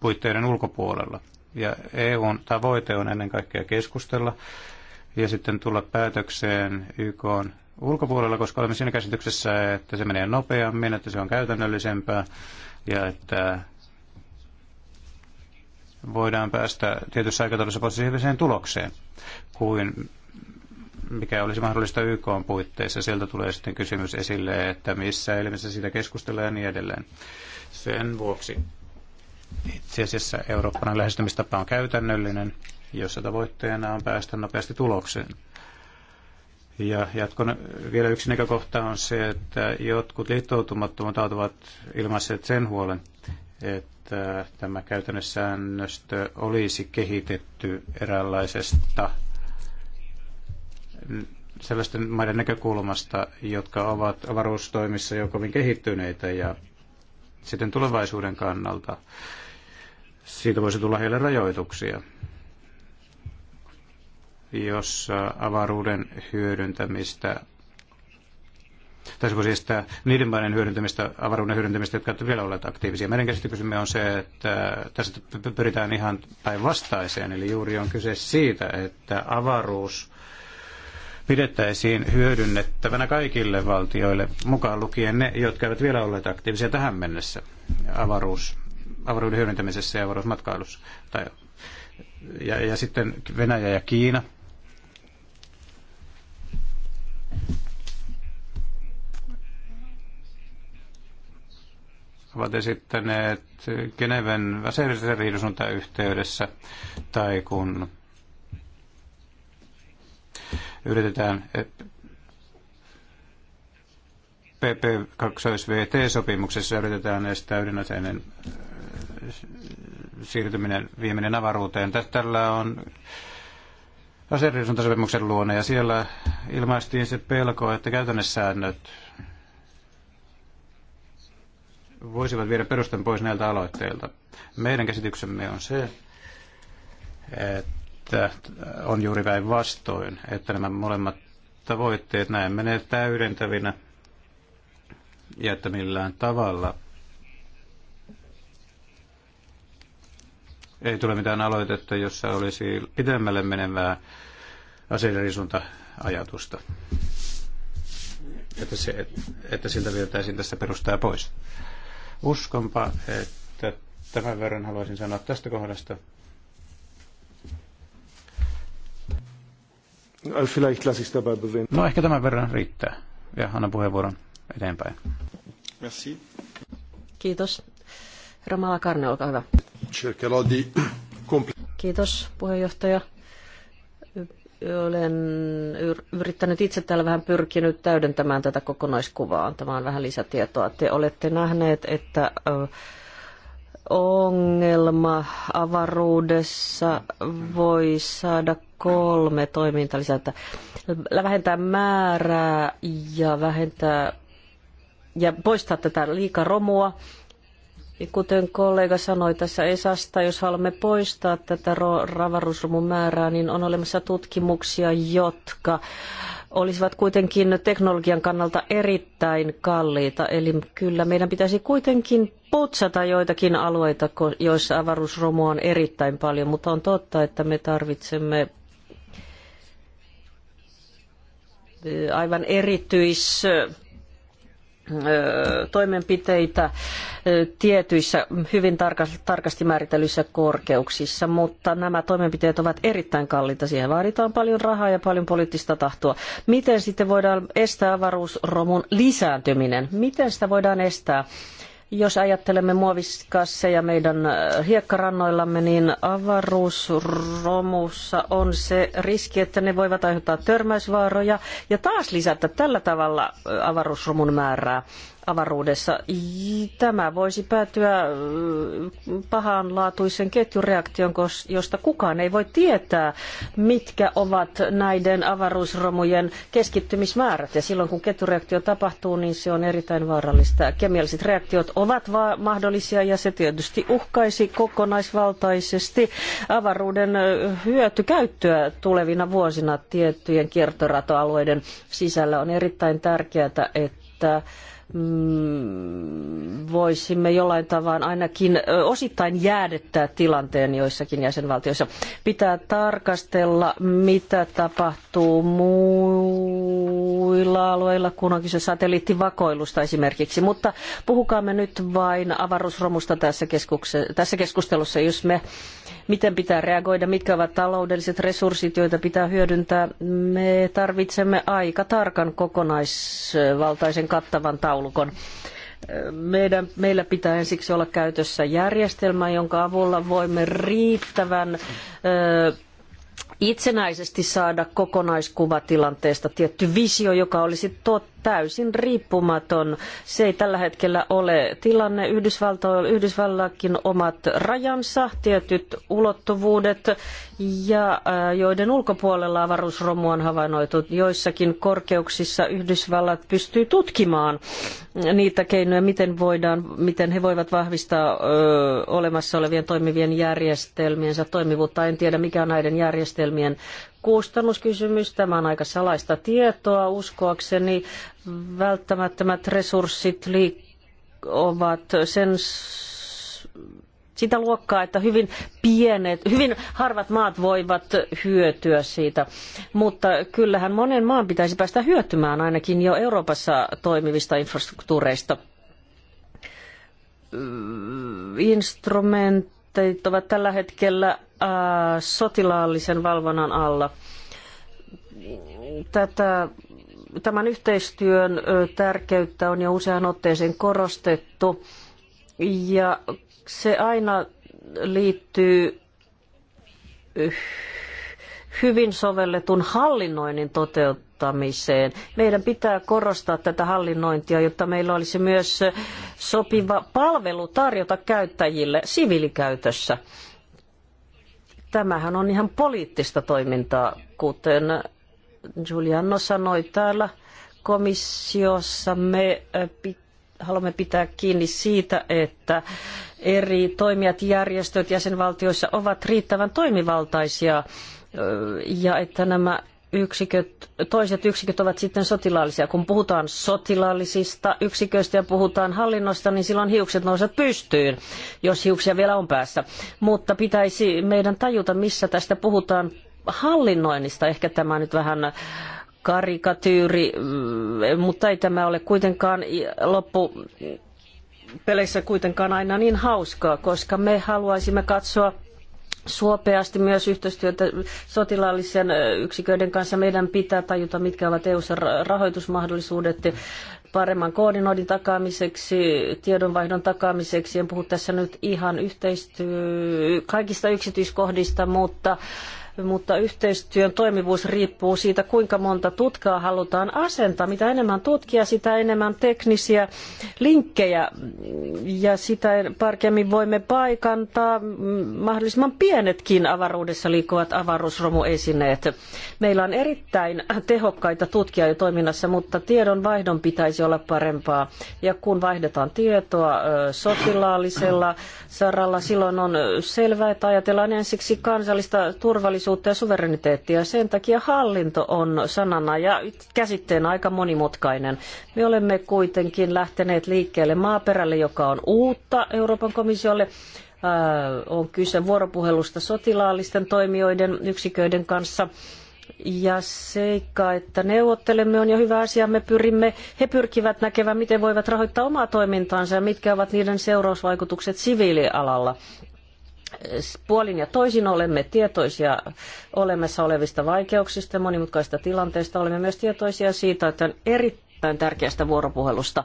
puitteiden ulkopuolella – ja EUn tavoite on ennen kaikkea keskustella ja sitten tulla päätökseen YK ulkopuolella, koska olemme siinä käsityksessä, että se menee nopeammin, että se on käytännöllisempää ja että voidaan päästä tietyssä aikataulussa positiiviseen tulokseen kuin mikä olisi mahdollista YK on puitteissa. Sieltä tulee sitten kysymys esille, että missä elimessä siitä keskustellaan ja niin edelleen. Sen vuoksi itse asiassa eurooppalainen lähestymistapa on käytännöllinen, jossa tavoitteena on päästä nopeasti tulokseen. Ja jatkon vielä yksi näkökohta on se, että jotkut liittoutumattomat ovat ilmaisseet sen huolen, että tämä käytännössäännöstö olisi kehitetty eräänlaisesta sellaisten maiden näkökulmasta, jotka ovat avaruustoimissa jo kovin kehittyneitä ja sitten tulevaisuuden kannalta. Siitä voisi tulla heille rajoituksia, jos äh, avaruuden hyödyntämistä tai se estää niiden maiden hyödyntämistä, avaruuden hyödyntämistä, jotka eivät vielä olleet aktiivisia. Meidän käsityksemme on se, että tässä pyritään ihan päinvastaiseen, eli juuri on kyse siitä, että avaruus pidettäisiin hyödynnettävänä kaikille valtioille, mukaan lukien ne, jotka eivät vielä olleet aktiivisia tähän mennessä avaruus, avaruuden hyödyntämisessä ja avaruusmatkailussa. Tai, ja, ja sitten Venäjä ja Kiina. ovat esittäneet Geneven aseellisen yhteydessä tai kun yritetään PP2VT-sopimuksessa yritetään estää ydinaseiden äh, siirtyminen, vieminen avaruuteen. Tällä on aseriisuntasopimuksen luonne ja siellä ilmaistiin se pelko, että käytännössäännöt voisivat viedä perusten pois näiltä aloitteilta. Meidän käsityksemme on se, että että äh, on juuri päinvastoin, että nämä molemmat tavoitteet näemme ne täydentävinä ja että millään tavalla ei tule mitään aloitetta, jossa olisi pidemmälle menevää aseiden ajatusta. Että, se, että siltä vietäisiin tästä perustaa pois. Uskonpa, että tämän verran haluaisin sanoa tästä kohdasta. Äh, vielleicht lasse ich dabei No ehkä tämän verran riittää. Ja annan puheenvuoron eteenpäin. Merci. Kiitos. Herra Malakarne, olkaa hyvä. Kiitos puheenjohtaja. Olen yrittänyt itse täällä vähän pyrkinyt täydentämään tätä kokonaiskuvaa, antamaan vähän lisätietoa. Te olette nähneet, että ongelma avaruudessa voi saada kolme lisätä. Vähentää määrää ja vähentää ja poistaa tätä liikaromua. Kuten kollega sanoi tässä Esasta, jos haluamme poistaa tätä ravarusrumun määrää, niin on olemassa tutkimuksia, jotka olisivat kuitenkin teknologian kannalta erittäin kalliita. Eli kyllä meidän pitäisi kuitenkin putsata joitakin alueita, joissa avaruusromua on erittäin paljon, mutta on totta, että me tarvitsemme aivan erityis toimenpiteitä tietyissä hyvin tarkasti määritellyissä korkeuksissa, mutta nämä toimenpiteet ovat erittäin kalliita. Siihen vaaditaan paljon rahaa ja paljon poliittista tahtoa. Miten sitten voidaan estää avaruusromun lisääntyminen? Miten sitä voidaan estää? Jos ajattelemme muoviskasseja meidän äh, hiekkarannoillamme, niin avaruusromussa on se riski, että ne voivat aiheuttaa törmäysvaaroja ja taas lisätä tällä tavalla äh, avaruusromun määrää avaruudessa. Tämä voisi päätyä pahanlaatuisen ketjureaktion, josta kukaan ei voi tietää, mitkä ovat näiden avaruusromujen keskittymismäärät. Ja silloin kun ketjureaktio tapahtuu, niin se on erittäin vaarallista. Kemialliset reaktiot ovat mahdollisia ja se tietysti uhkaisi kokonaisvaltaisesti avaruuden hyötykäyttöä tulevina vuosina tiettyjen kiertoratoalueiden sisällä. On erittäin tärkeää, että Mm, voisimme jollain tavoin ainakin osittain jäädettää tilanteen joissakin jäsenvaltioissa. Pitää tarkastella, mitä tapahtuu muilla alueilla, kun on kyse satelliittivakoilusta esimerkiksi. Mutta puhukaamme nyt vain avaruusromusta tässä, tässä keskustelussa, jos me miten pitää reagoida, mitkä ovat taloudelliset resurssit, joita pitää hyödyntää. Me tarvitsemme aika tarkan kokonaisvaltaisen kattavan taulukon. Meidän, meillä pitää ensiksi olla käytössä järjestelmä, jonka avulla voimme riittävän ö, itsenäisesti saada kokonaiskuva tilanteesta, tietty visio, joka olisi totta täysin riippumaton. Se ei tällä hetkellä ole tilanne. Yhdysvalto, Yhdysvallakin omat rajansa, tietyt ulottuvuudet, ja äh, joiden ulkopuolella avaruusromu on havainnoitu. Joissakin korkeuksissa Yhdysvallat pystyy tutkimaan niitä keinoja, miten, voidaan, miten he voivat vahvistaa olemassa olevien toimivien järjestelmiensä toimivuutta. En tiedä, mikä on näiden järjestelmien kustannuskysymys. Tämä on aika salaista tietoa uskoakseni. Välttämättömät resurssit ovat sen sitä luokkaa, että hyvin pienet, hyvin harvat maat voivat hyötyä siitä. Mutta kyllähän monen maan pitäisi päästä hyötymään ainakin jo Euroopassa toimivista infrastruktuureista. Instrument tuotteet ovat tällä hetkellä sotilaallisen valvonnan alla. Tätä, tämän yhteistyön tärkeyttä on jo useaan otteeseen korostettu ja se aina liittyy hyvin sovelletun hallinnoinnin toteuttamiseen. Meidän pitää korostaa tätä hallinnointia, jotta meillä olisi myös sopiva palvelu tarjota käyttäjille siviilikäytössä. Tämähän on ihan poliittista toimintaa, kuten Giuliano sanoi täällä komissiossa. Me haluamme pitää kiinni siitä, että eri toimijat, järjestöt jäsenvaltioissa ovat riittävän toimivaltaisia ja että nämä yksiköt, toiset yksiköt ovat sitten sotilaallisia. Kun puhutaan sotilaallisista yksiköistä ja puhutaan hallinnosta, niin silloin hiukset nousevat pystyyn, jos hiuksia vielä on päässä. Mutta pitäisi meidän tajuta, missä tästä puhutaan hallinnoinnista. Ehkä tämä on nyt vähän karikatyyri, mm, mutta ei tämä ole kuitenkaan loppu peleissä kuitenkaan aina niin hauskaa, koska me haluaisimme katsoa suopeasti myös yhteistyötä sotilaallisen yksiköiden kanssa. Meidän pitää tajuta, mitkä ovat eu rahoitusmahdollisuudet paremman koordinoinnin takaamiseksi, tiedonvaihdon takaamiseksi. En puhu tässä nyt ihan yhteistyö kaikista yksityiskohdista, mutta mutta yhteistyön toimivuus riippuu siitä, kuinka monta tutkaa halutaan asentaa. Mitä enemmän tutkia, sitä enemmän teknisiä linkkejä ja sitä parkemmin voimme paikantaa mahdollisimman pienetkin avaruudessa liikkuvat avaruusromuesineet. Meillä on erittäin tehokkaita tutkia jo toiminnassa, mutta tiedonvaihdon pitäisi olla parempaa. Ja kun vaihdetaan tietoa sotilaallisella saralla, silloin on selvää, että ajatellaan ensiksi kansallista turvallisuutta julkisuutta ja suvereniteettia. Sen takia hallinto on sanana ja käsitteenä aika monimutkainen. Me olemme kuitenkin lähteneet liikkeelle maaperälle, joka on uutta Euroopan komissiolle äh, on kyse vuoropuhelusta sotilaallisten toimijoiden yksiköiden kanssa. Ja seikka, että neuvottelemme on jo hyvä asia. Me pyrimme, he pyrkivät näkemään, miten voivat rahoittaa omaa toimintaansa ja mitkä ovat niiden seurausvaikutukset siviilialalla puolin ja toisin olemme tietoisia olemassa olevista vaikeuksista ja monimutkaisista tilanteista. Olemme myös tietoisia siitä, että on erittäin tärkeästä vuoropuhelusta.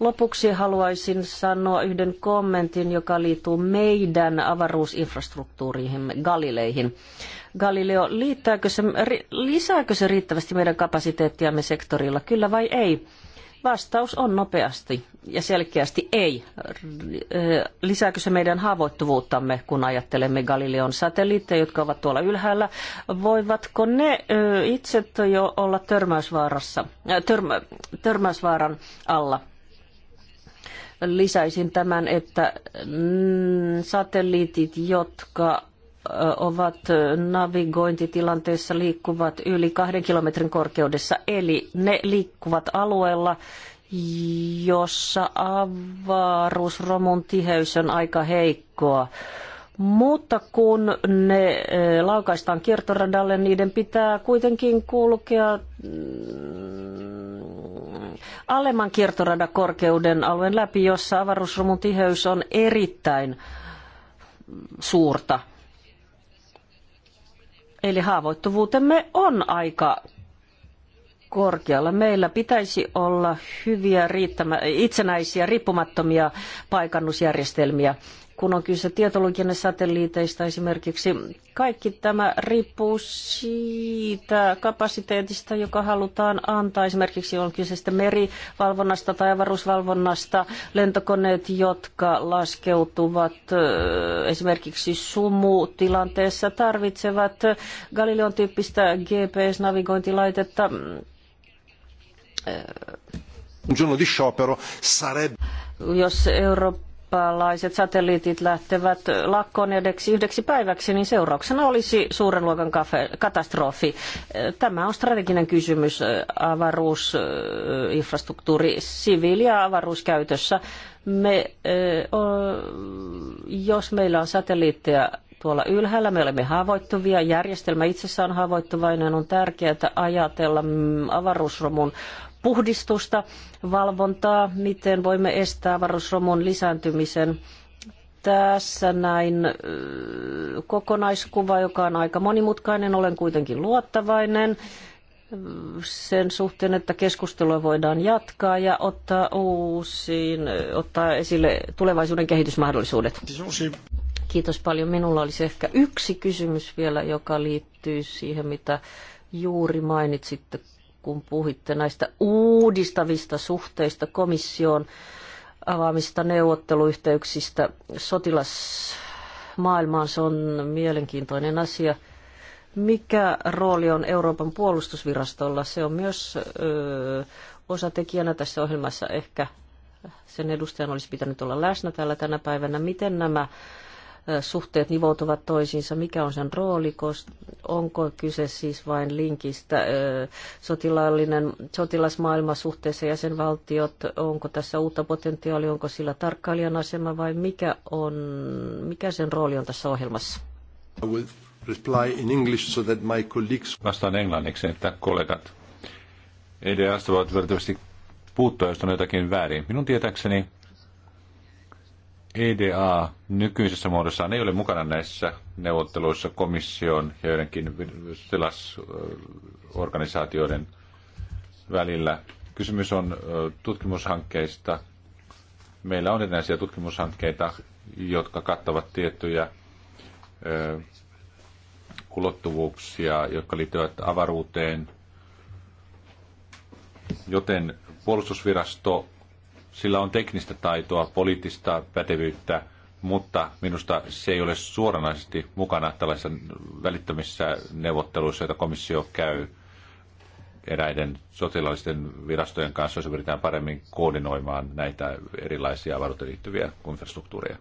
Lopuksi haluaisin sanoa yhden kommentin, joka liittyy meidän avaruusinfrastruktuuriimme, Galileihin. Galileo, liittääkö se, lisääkö se riittävästi meidän kapasiteettiamme sektorilla, kyllä vai ei? Vastaus on nopeasti ja selkeästi ei. Lisääkö se meidän haavoittuvuuttamme, kun ajattelemme Galileon satelliitteja, jotka ovat tuolla ylhäällä? Voivatko ne itse jo olla törmäysvaarassa, törmä, törmäysvaaran alla? Lisäisin tämän, että mm, satelliitit, jotka ovat navigointitilanteessa liikkuvat yli kahden kilometrin korkeudessa, eli ne liikkuvat alueella, jossa avaruusromun tiheys on aika heikkoa. Mutta kun ne laukaistaan kiertoradalle, niiden pitää kuitenkin kulkea mm, alemman kiertoradakorkeuden alueen läpi, jossa avaruusromun tiheys on erittäin suurta. Eli haavoittuvuutemme on aika korkealla. Meillä pitäisi olla hyviä, riittämä, itsenäisiä, riippumattomia paikannusjärjestelmiä kun on kyse tietoliikennesatelliiteista esimerkiksi. Kaikki tämä riippuu siitä kapasiteetista, joka halutaan antaa. Esimerkiksi on kyse sitten merivalvonnasta tai avaruusvalvonnasta, lentokoneet, jotka laskeutuvat esimerkiksi sumutilanteessa, tarvitsevat Galileon tyyppistä GPS-navigointilaitetta un giorno di sciopero sarebbe... Jos Eurooppa eurooppalaiset satelliitit lähtevät lakkoon edeksi yhdeksi päiväksi, niin seurauksena olisi suuren luokan katastrofi. Tämä on strateginen kysymys avaruusinfrastruktuuri siviili- ja avaruuskäytössä. Me, jos meillä on satelliitteja tuolla ylhäällä, me olemme haavoittuvia, järjestelmä itsessään on haavoittuvainen, on tärkeää ajatella mm, avaruusromun puhdistusta, valvontaa, miten voimme estää varusromun lisääntymisen. Tässä näin kokonaiskuva, joka on aika monimutkainen, olen kuitenkin luottavainen sen suhteen, että keskustelua voidaan jatkaa ja ottaa uusiin, ottaa esille tulevaisuuden kehitysmahdollisuudet. Kiitos paljon. Minulla olisi ehkä yksi kysymys vielä, joka liittyy siihen, mitä juuri mainitsitte kun puhuitte näistä uudistavista suhteista komission avaamista neuvotteluyhteyksistä sotilasmaailmaan. Se on mielenkiintoinen asia. Mikä rooli on Euroopan puolustusvirastolla? Se on myös ö, osatekijänä tässä ohjelmassa. Ehkä sen edustajan olisi pitänyt olla läsnä täällä tänä päivänä. Miten nämä suhteet nivoutuvat toisiinsa, mikä on sen rooli, onko kyse siis vain linkistä sotilaallinen, sotilasmaailma suhteessa jäsenvaltiot, onko tässä uutta potentiaalia, onko sillä tarkkailijan asema vai mikä, on, mikä sen rooli on tässä ohjelmassa? Vastaan englanniksi, että kollegat EDAsta voivat välttämättä puuttua, jos on jotakin väärin. Minun tietääkseni EDA nykyisessä muodossaan ei ole mukana näissä neuvotteluissa komission ja joidenkin tilasorganisaatioiden välillä. Kysymys on tutkimushankkeista. Meillä on erinäisiä tutkimushankkeita, jotka kattavat tiettyjä ulottuvuuksia, jotka liittyvät avaruuteen. Joten puolustusvirasto sillä on teknistä taitoa, poliittista pätevyyttä, mutta minusta se ei ole suoranaisesti mukana tällaisissa välittömissä neuvotteluissa, joita komissio käy eräiden sotilaallisten virastojen kanssa, jos pyritään paremmin koordinoimaan näitä erilaisia avaruuteen liittyviä infrastruktuureja.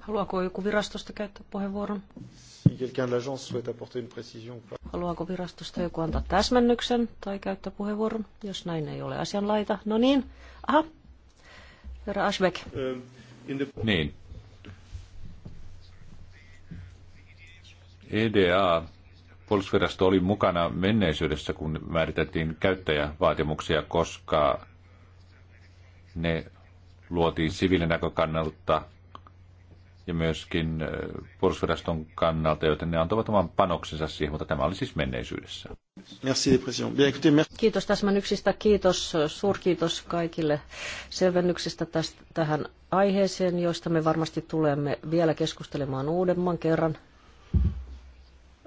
Haluaako joku virastosta käyttää puheenvuoron? Haluaako virastosta joku antaa täsmennyksen tai käyttää puheenvuoron, jos näin ei ole asianlaita? No niin, aha, herra Ashbeck. Ähm, niin. EDA, puolustusvirasto oli mukana menneisyydessä, kun määritettiin käyttäjävaatimuksia, koska ne luotiin siviilinäkökannalta ja myöskin puolustusviraston kannalta, joten ne antavat oman panoksensa siihen, mutta tämä oli siis menneisyydessä. Kiitos täsmännyksistä, kiitos, suurkiitos kaikille selvennyksistä tästä, tähän aiheeseen, joista me varmasti tulemme vielä keskustelemaan uudemman kerran.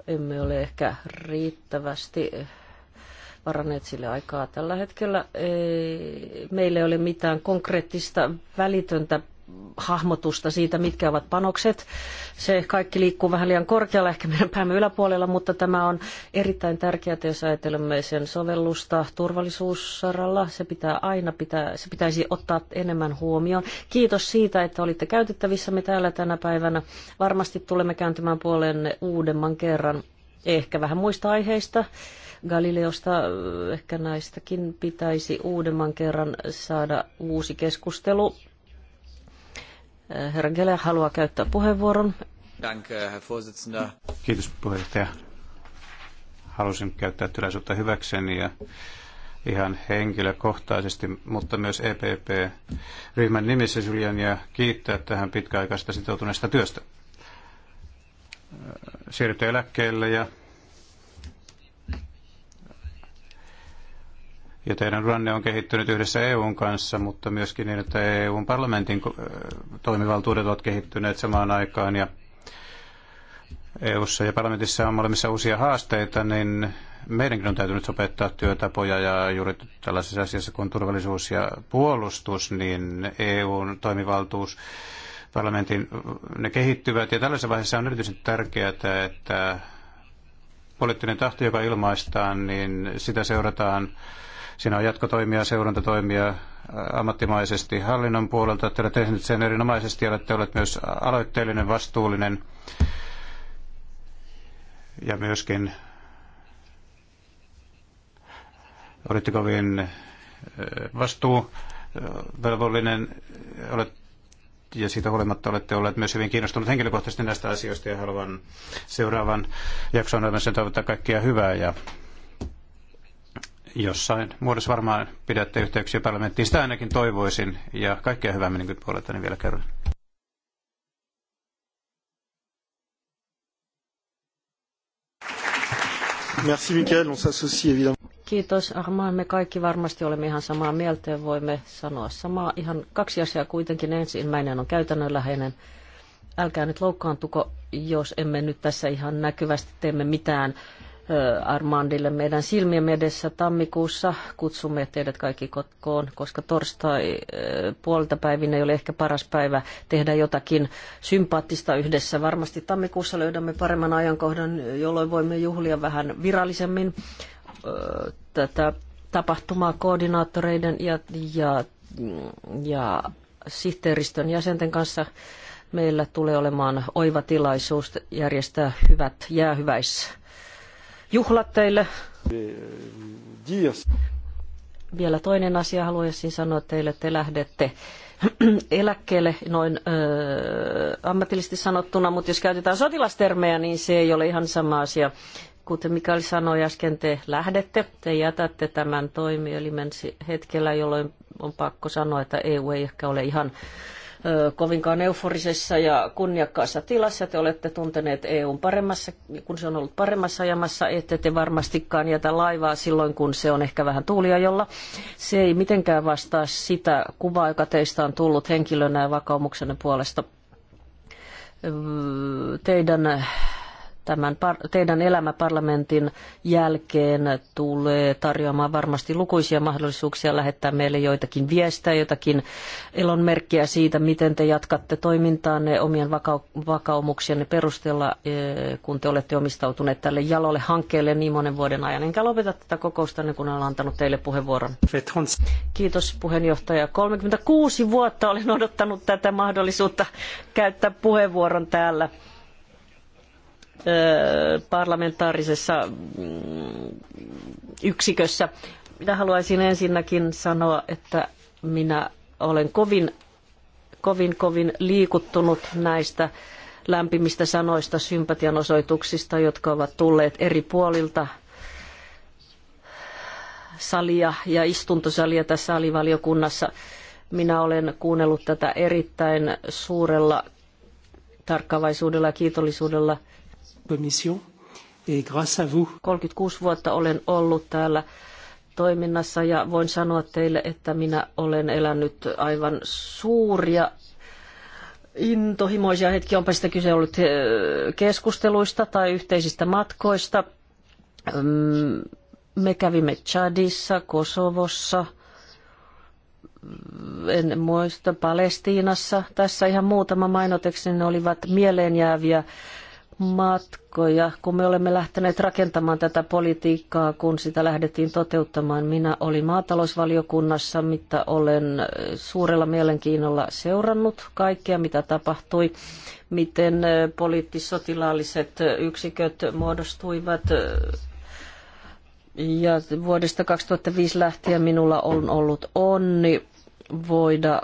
Emme ole ehkä riittävästi varanneet sille aikaa tällä hetkellä. Ei, meillä ei ole mitään konkreettista välitöntä hahmotusta siitä, mitkä ovat panokset. Se kaikki liikkuu vähän liian korkealla, ehkä meidän päämme yläpuolella, mutta tämä on erittäin tärkeää, jos ajatelemme sen sovellusta turvallisuussaralla. Se, pitää aina pitää, se pitäisi ottaa enemmän huomioon. Kiitos siitä, että olitte käytettävissämme täällä tänä päivänä. Varmasti tulemme kääntymään puoleenne uudemman kerran, ehkä vähän muista aiheista. Galileosta äh, ehkä näistäkin pitäisi uudemman kerran saada uusi keskustelu Herra Gele haluaa käyttää puheenvuoron. Kiitos puheenjohtaja. Halusin käyttää tilaisuutta hyväkseni ja ihan henkilökohtaisesti, mutta myös EPP-ryhmän nimissä Julian ja kiittää tähän pitkäaikaista sitoutuneesta työstä. Siirrytty eläkkeelle ja Ja teidän uranne on kehittynyt yhdessä EUn kanssa, mutta myöskin niin, että EUn parlamentin äh, toimivaltuudet ovat kehittyneet samaan aikaan. Ja EUssa ja parlamentissa on molemmissa uusia haasteita, niin meidänkin on täytynyt opettaa työtapoja ja juuri tällaisessa asiassa kuin turvallisuus ja puolustus, niin EUn toimivaltuus parlamentin, ne kehittyvät. Ja tällaisessa vaiheessa on erityisen tärkeää, että poliittinen tahto, joka ilmaistaan, niin sitä seurataan Siinä on jatkotoimia, seurantatoimia ammattimaisesti hallinnon puolelta. Olette tehneet sen erinomaisesti ja olette olleet myös aloitteellinen, vastuullinen ja myöskin olitte kovin vastuuvelvollinen olet, ja siitä huolimatta olette olleet myös hyvin kiinnostunut henkilökohtaisesti näistä asioista ja haluan seuraavan jakson sen toivottaa kaikkia hyvää ja jossain muodossa varmaan pidätte yhteyksiä parlamenttiin. Sitä ainakin toivoisin ja kaikkea hyvää minunkin puoleltani vielä kerran. Merci on s'associe évidemment. Kiitos Armaan, me kaikki varmasti olemme ihan samaa mieltä ja voimme sanoa samaa. Ihan kaksi asiaa kuitenkin. Ensimmäinen on käytännönläheinen. Älkää nyt loukkaantuko, jos emme nyt tässä ihan näkyvästi teemme mitään Armandille meidän silmiemme edessä tammikuussa. Kutsumme teidät kaikki kotkoon, koska torstai puolta päivinä ei ole ehkä paras päivä tehdä jotakin sympaattista yhdessä. Varmasti tammikuussa löydämme paremman ajankohdan, jolloin voimme juhlia vähän virallisemmin tätä tapahtumaa koordinaattoreiden ja, ja, ja sihteeristön jäsenten kanssa meillä tulee olemaan oiva tilaisuus järjestää hyvät jäähyväissä juhlat teille. Eh, Vielä toinen asia haluaisin sanoa teille, että te lähdette [clears throat] eläkkeelle noin ammatillisesti sanottuna, mutta jos käytetään sotilastermejä, niin se ei ole ihan sama asia. Kuten Mikael sanoi äsken, te lähdette, te jätätte tämän toimielimen hetkellä, jolloin on pakko sanoa, että EU ei ehkä ole ihan kovinkaan euforisessa ja kunniakkaassa tilassa. Te olette tunteneet EUn paremmassa, kun se on ollut paremmassa ajamassa, ette te varmastikaan jätä laivaa silloin, kun se on ehkä vähän tuuliajolla. Se ei mitenkään vastaa sitä kuvaa, joka teistä on tullut henkilönä ja vakaumuksenne puolesta. Teidän tämän teidän elämäparlamentin jälkeen tulee tarjoamaan varmasti lukuisia mahdollisuuksia lähettää meille joitakin viestejä, jotakin elonmerkkiä siitä, miten te jatkatte toimintaanne omien vakau- vakaumuksienne perusteella, eh, kun te olette omistautuneet tälle jalolle hankkeelle niin monen vuoden ajan. Enkä lopeta tätä kokousta, kun olen antanut teille puheenvuoron. Kiitos puheenjohtaja. 36 vuotta olen odottanut tätä mahdollisuutta käyttää puheenvuoron täällä parlamentaarisessa mm, yksikössä. Minä haluaisin ensinnäkin sanoa, että minä olen kovin, kovin, kovin liikuttunut näistä lämpimistä sanoista, sympatianosoituksista, jotka ovat tulleet eri puolilta salia ja istuntosalia tässä alivaliokunnassa. Minä olen kuunnellut tätä erittäin suurella tarkkavaisuudella ja kiitollisuudella commission. Et grâce à vous. 36 vuotta olen ollut täällä toiminnassa ja voin sanoa teille, että minä olen elänyt aivan suuria intohimoisia hetkiä, onpa sitä kyse ollut eh, keskusteluista tai yhteisistä matkoista. Mm, me kävimme Chadissa, Kosovossa, mm, en muista, Palestiinassa. Tässä ihan muutama mainotekseni ne olivat mieleenjääviä matkoja, kun me olemme lähteneet rakentamaan tätä politiikkaa, kun sitä lähdettiin toteuttamaan. Minä olin maatalousvaliokunnassa, mitä olen suurella mielenkiinnolla seurannut kaikkea, mitä tapahtui, miten poliittis-sotilaalliset yksiköt muodostuivat ja vuodesta 2005 lähtien minulla on ollut onni voida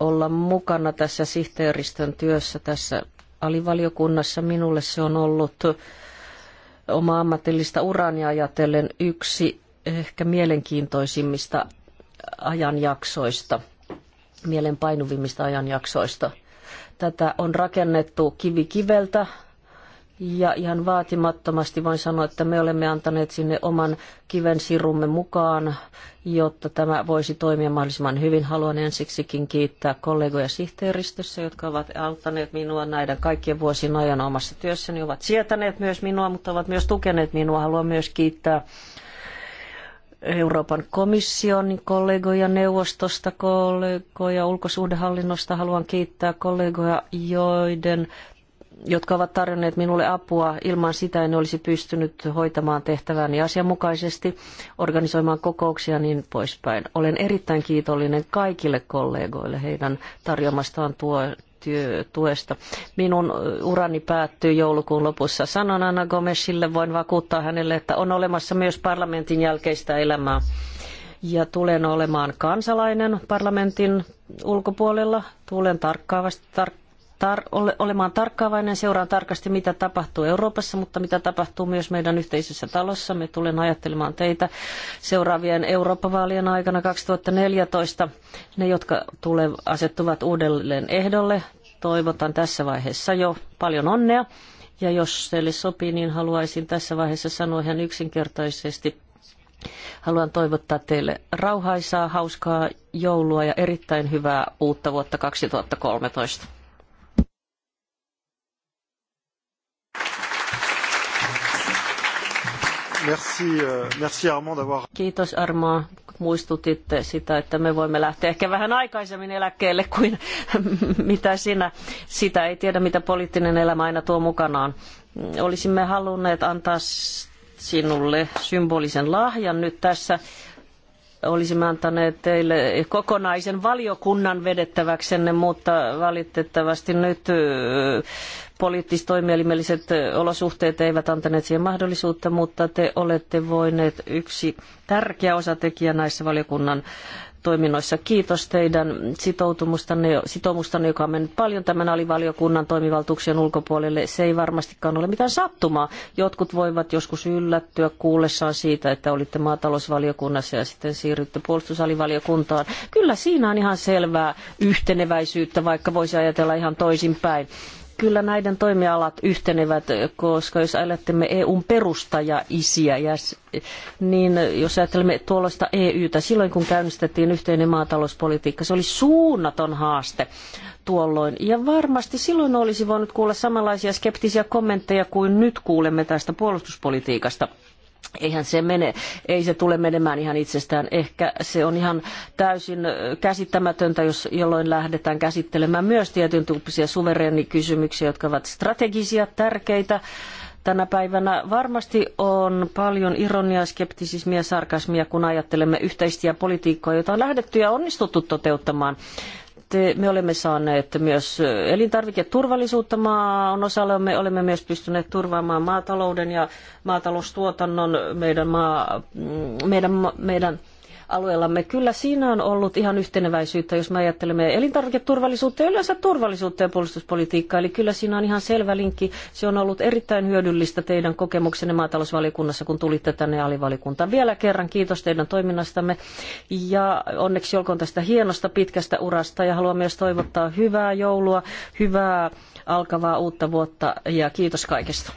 olla mukana tässä sihteeristön työssä tässä alivaliokunnassa. Minulle se on ollut oma ammatillista urani ajatellen yksi ehkä mielenkiintoisimmista ajanjaksoista, mielenpainuvimmista ajanjaksoista. Tätä on rakennettu kivi kiveltä. Ja ihan vaatimattomasti voin sanoa, että me olemme antaneet sinne oman kiven sirumme mukaan, jotta tämä voisi toimia mahdollisimman hyvin. Haluan ensiksikin kiittää kollegoja sihteeristössä, jotka ovat auttaneet minua näiden kaikkien vuosien ajan omassa työssäni, ovat sietäneet myös minua, mutta ovat myös tukeneet minua. Haluan myös kiittää Euroopan komission kollegoja neuvostosta, kollegoja ulkosuhdehallinnosta. Haluan kiittää kollegoja, joiden jotka ovat tarjonneet minulle apua. Ilman sitä en olisi pystynyt hoitamaan tehtävääni asianmukaisesti, organisoimaan kokouksia ja niin poispäin. Olen erittäin kiitollinen kaikille kollegoille heidän tarjomastaan tuo, työ, tuesta. Minun urani päättyy joulukuun lopussa. Sanon Anna Gomesille, voin vakuuttaa hänelle, että on olemassa myös parlamentin jälkeistä elämää. Ja tulen olemaan kansalainen parlamentin ulkopuolella. Tulen tarkkaavasti, tarkkaavasti tar- ole- olemaan tarkkaavainen, seuraan tarkasti mitä tapahtuu Euroopassa, mutta mitä tapahtuu myös meidän yhteisessä talossa. Me tulen ajattelemaan teitä seuraavien Eurooppa-vaalien aikana 2014, ne jotka tule- asettuvat uudelleen ehdolle. Toivotan tässä vaiheessa jo paljon onnea. Ja jos teille sopii, niin haluaisin tässä vaiheessa sanoa ihan yksinkertaisesti Haluan toivottaa teille rauhaisaa, hauskaa joulua ja erittäin hyvää uutta vuotta 2013. Merci, euh, merci Armand d'avoir... Kiitos muistutitte sitä, että me voimme lähteä ehkä vähän aikaisemmin eläkkeelle kuin [laughs] mitä sinä. Sitä ei tiedä, mitä poliittinen elämä aina tuo mukanaan. Olisimme halunneet antaa sinulle symbolisen lahjan nyt tässä olisimme antaneet teille kokonaisen valiokunnan vedettäväksenne, mutta valitettavasti nyt poliittis-toimielimelliset olosuhteet eivät antaneet siihen mahdollisuutta, mutta te olette voineet yksi tärkeä osatekijä näissä valiokunnan toiminnoissa. Kiitos teidän sitoutumustanne, sitoumustanne, joka on mennyt paljon tämän alivaliokunnan toimivaltuuksien ulkopuolelle. Se ei varmastikaan ole mitään sattumaa. Jotkut voivat joskus yllättyä kuullessaan siitä, että olitte maatalousvaliokunnassa ja sitten siirrytte puolustusalivaliokuntaan. Kyllä siinä on ihan selvää yhteneväisyyttä, vaikka voisi ajatella ihan toisinpäin kyllä näiden toimialat yhtenevät, koska jos ajattelemme EUn perustajaisiä, niin jos ajattelemme tuollaista EU:tä, silloin kun käynnistettiin yhteinen maatalouspolitiikka, se oli suunnaton haaste tuolloin. Ja varmasti silloin olisi voinut kuulla samanlaisia skeptisiä kommentteja kuin nyt kuulemme tästä puolustuspolitiikasta. Eihän se mene, ei se tule menemään ihan itsestään. Ehkä se on ihan täysin käsittämätöntä, jos jolloin lähdetään käsittelemään myös tietyn tyyppisiä suvereenikysymyksiä, jotka ovat strategisia, tärkeitä tänä päivänä. Varmasti on paljon ironiaa, skeptisismiä ja sarkasmia, kun ajattelemme yhteistiä politiikkoja, joita on lähdetty ja onnistuttu toteuttamaan me olemme saaneet myös elintarviketurvallisuutta maan osalla. Me olemme myös pystyneet turvaamaan maatalouden ja maataloustuotannon meidän, maa, meidän, meidän alueellamme. Kyllä siinä on ollut ihan yhteneväisyyttä, jos me ajattelemme elintarviketurvallisuutta ja yleensä turvallisuutta ja puolustuspolitiikkaa. Eli kyllä siinä on ihan selvä linkki. Se on ollut erittäin hyödyllistä teidän kokemuksenne maatalousvaliokunnassa, kun tulitte tänne alivalikuntaan. Vielä kerran kiitos teidän toiminnastamme ja onneksi olkoon tästä hienosta pitkästä urasta ja haluan myös toivottaa hyvää joulua, hyvää alkavaa uutta vuotta ja kiitos kaikesta.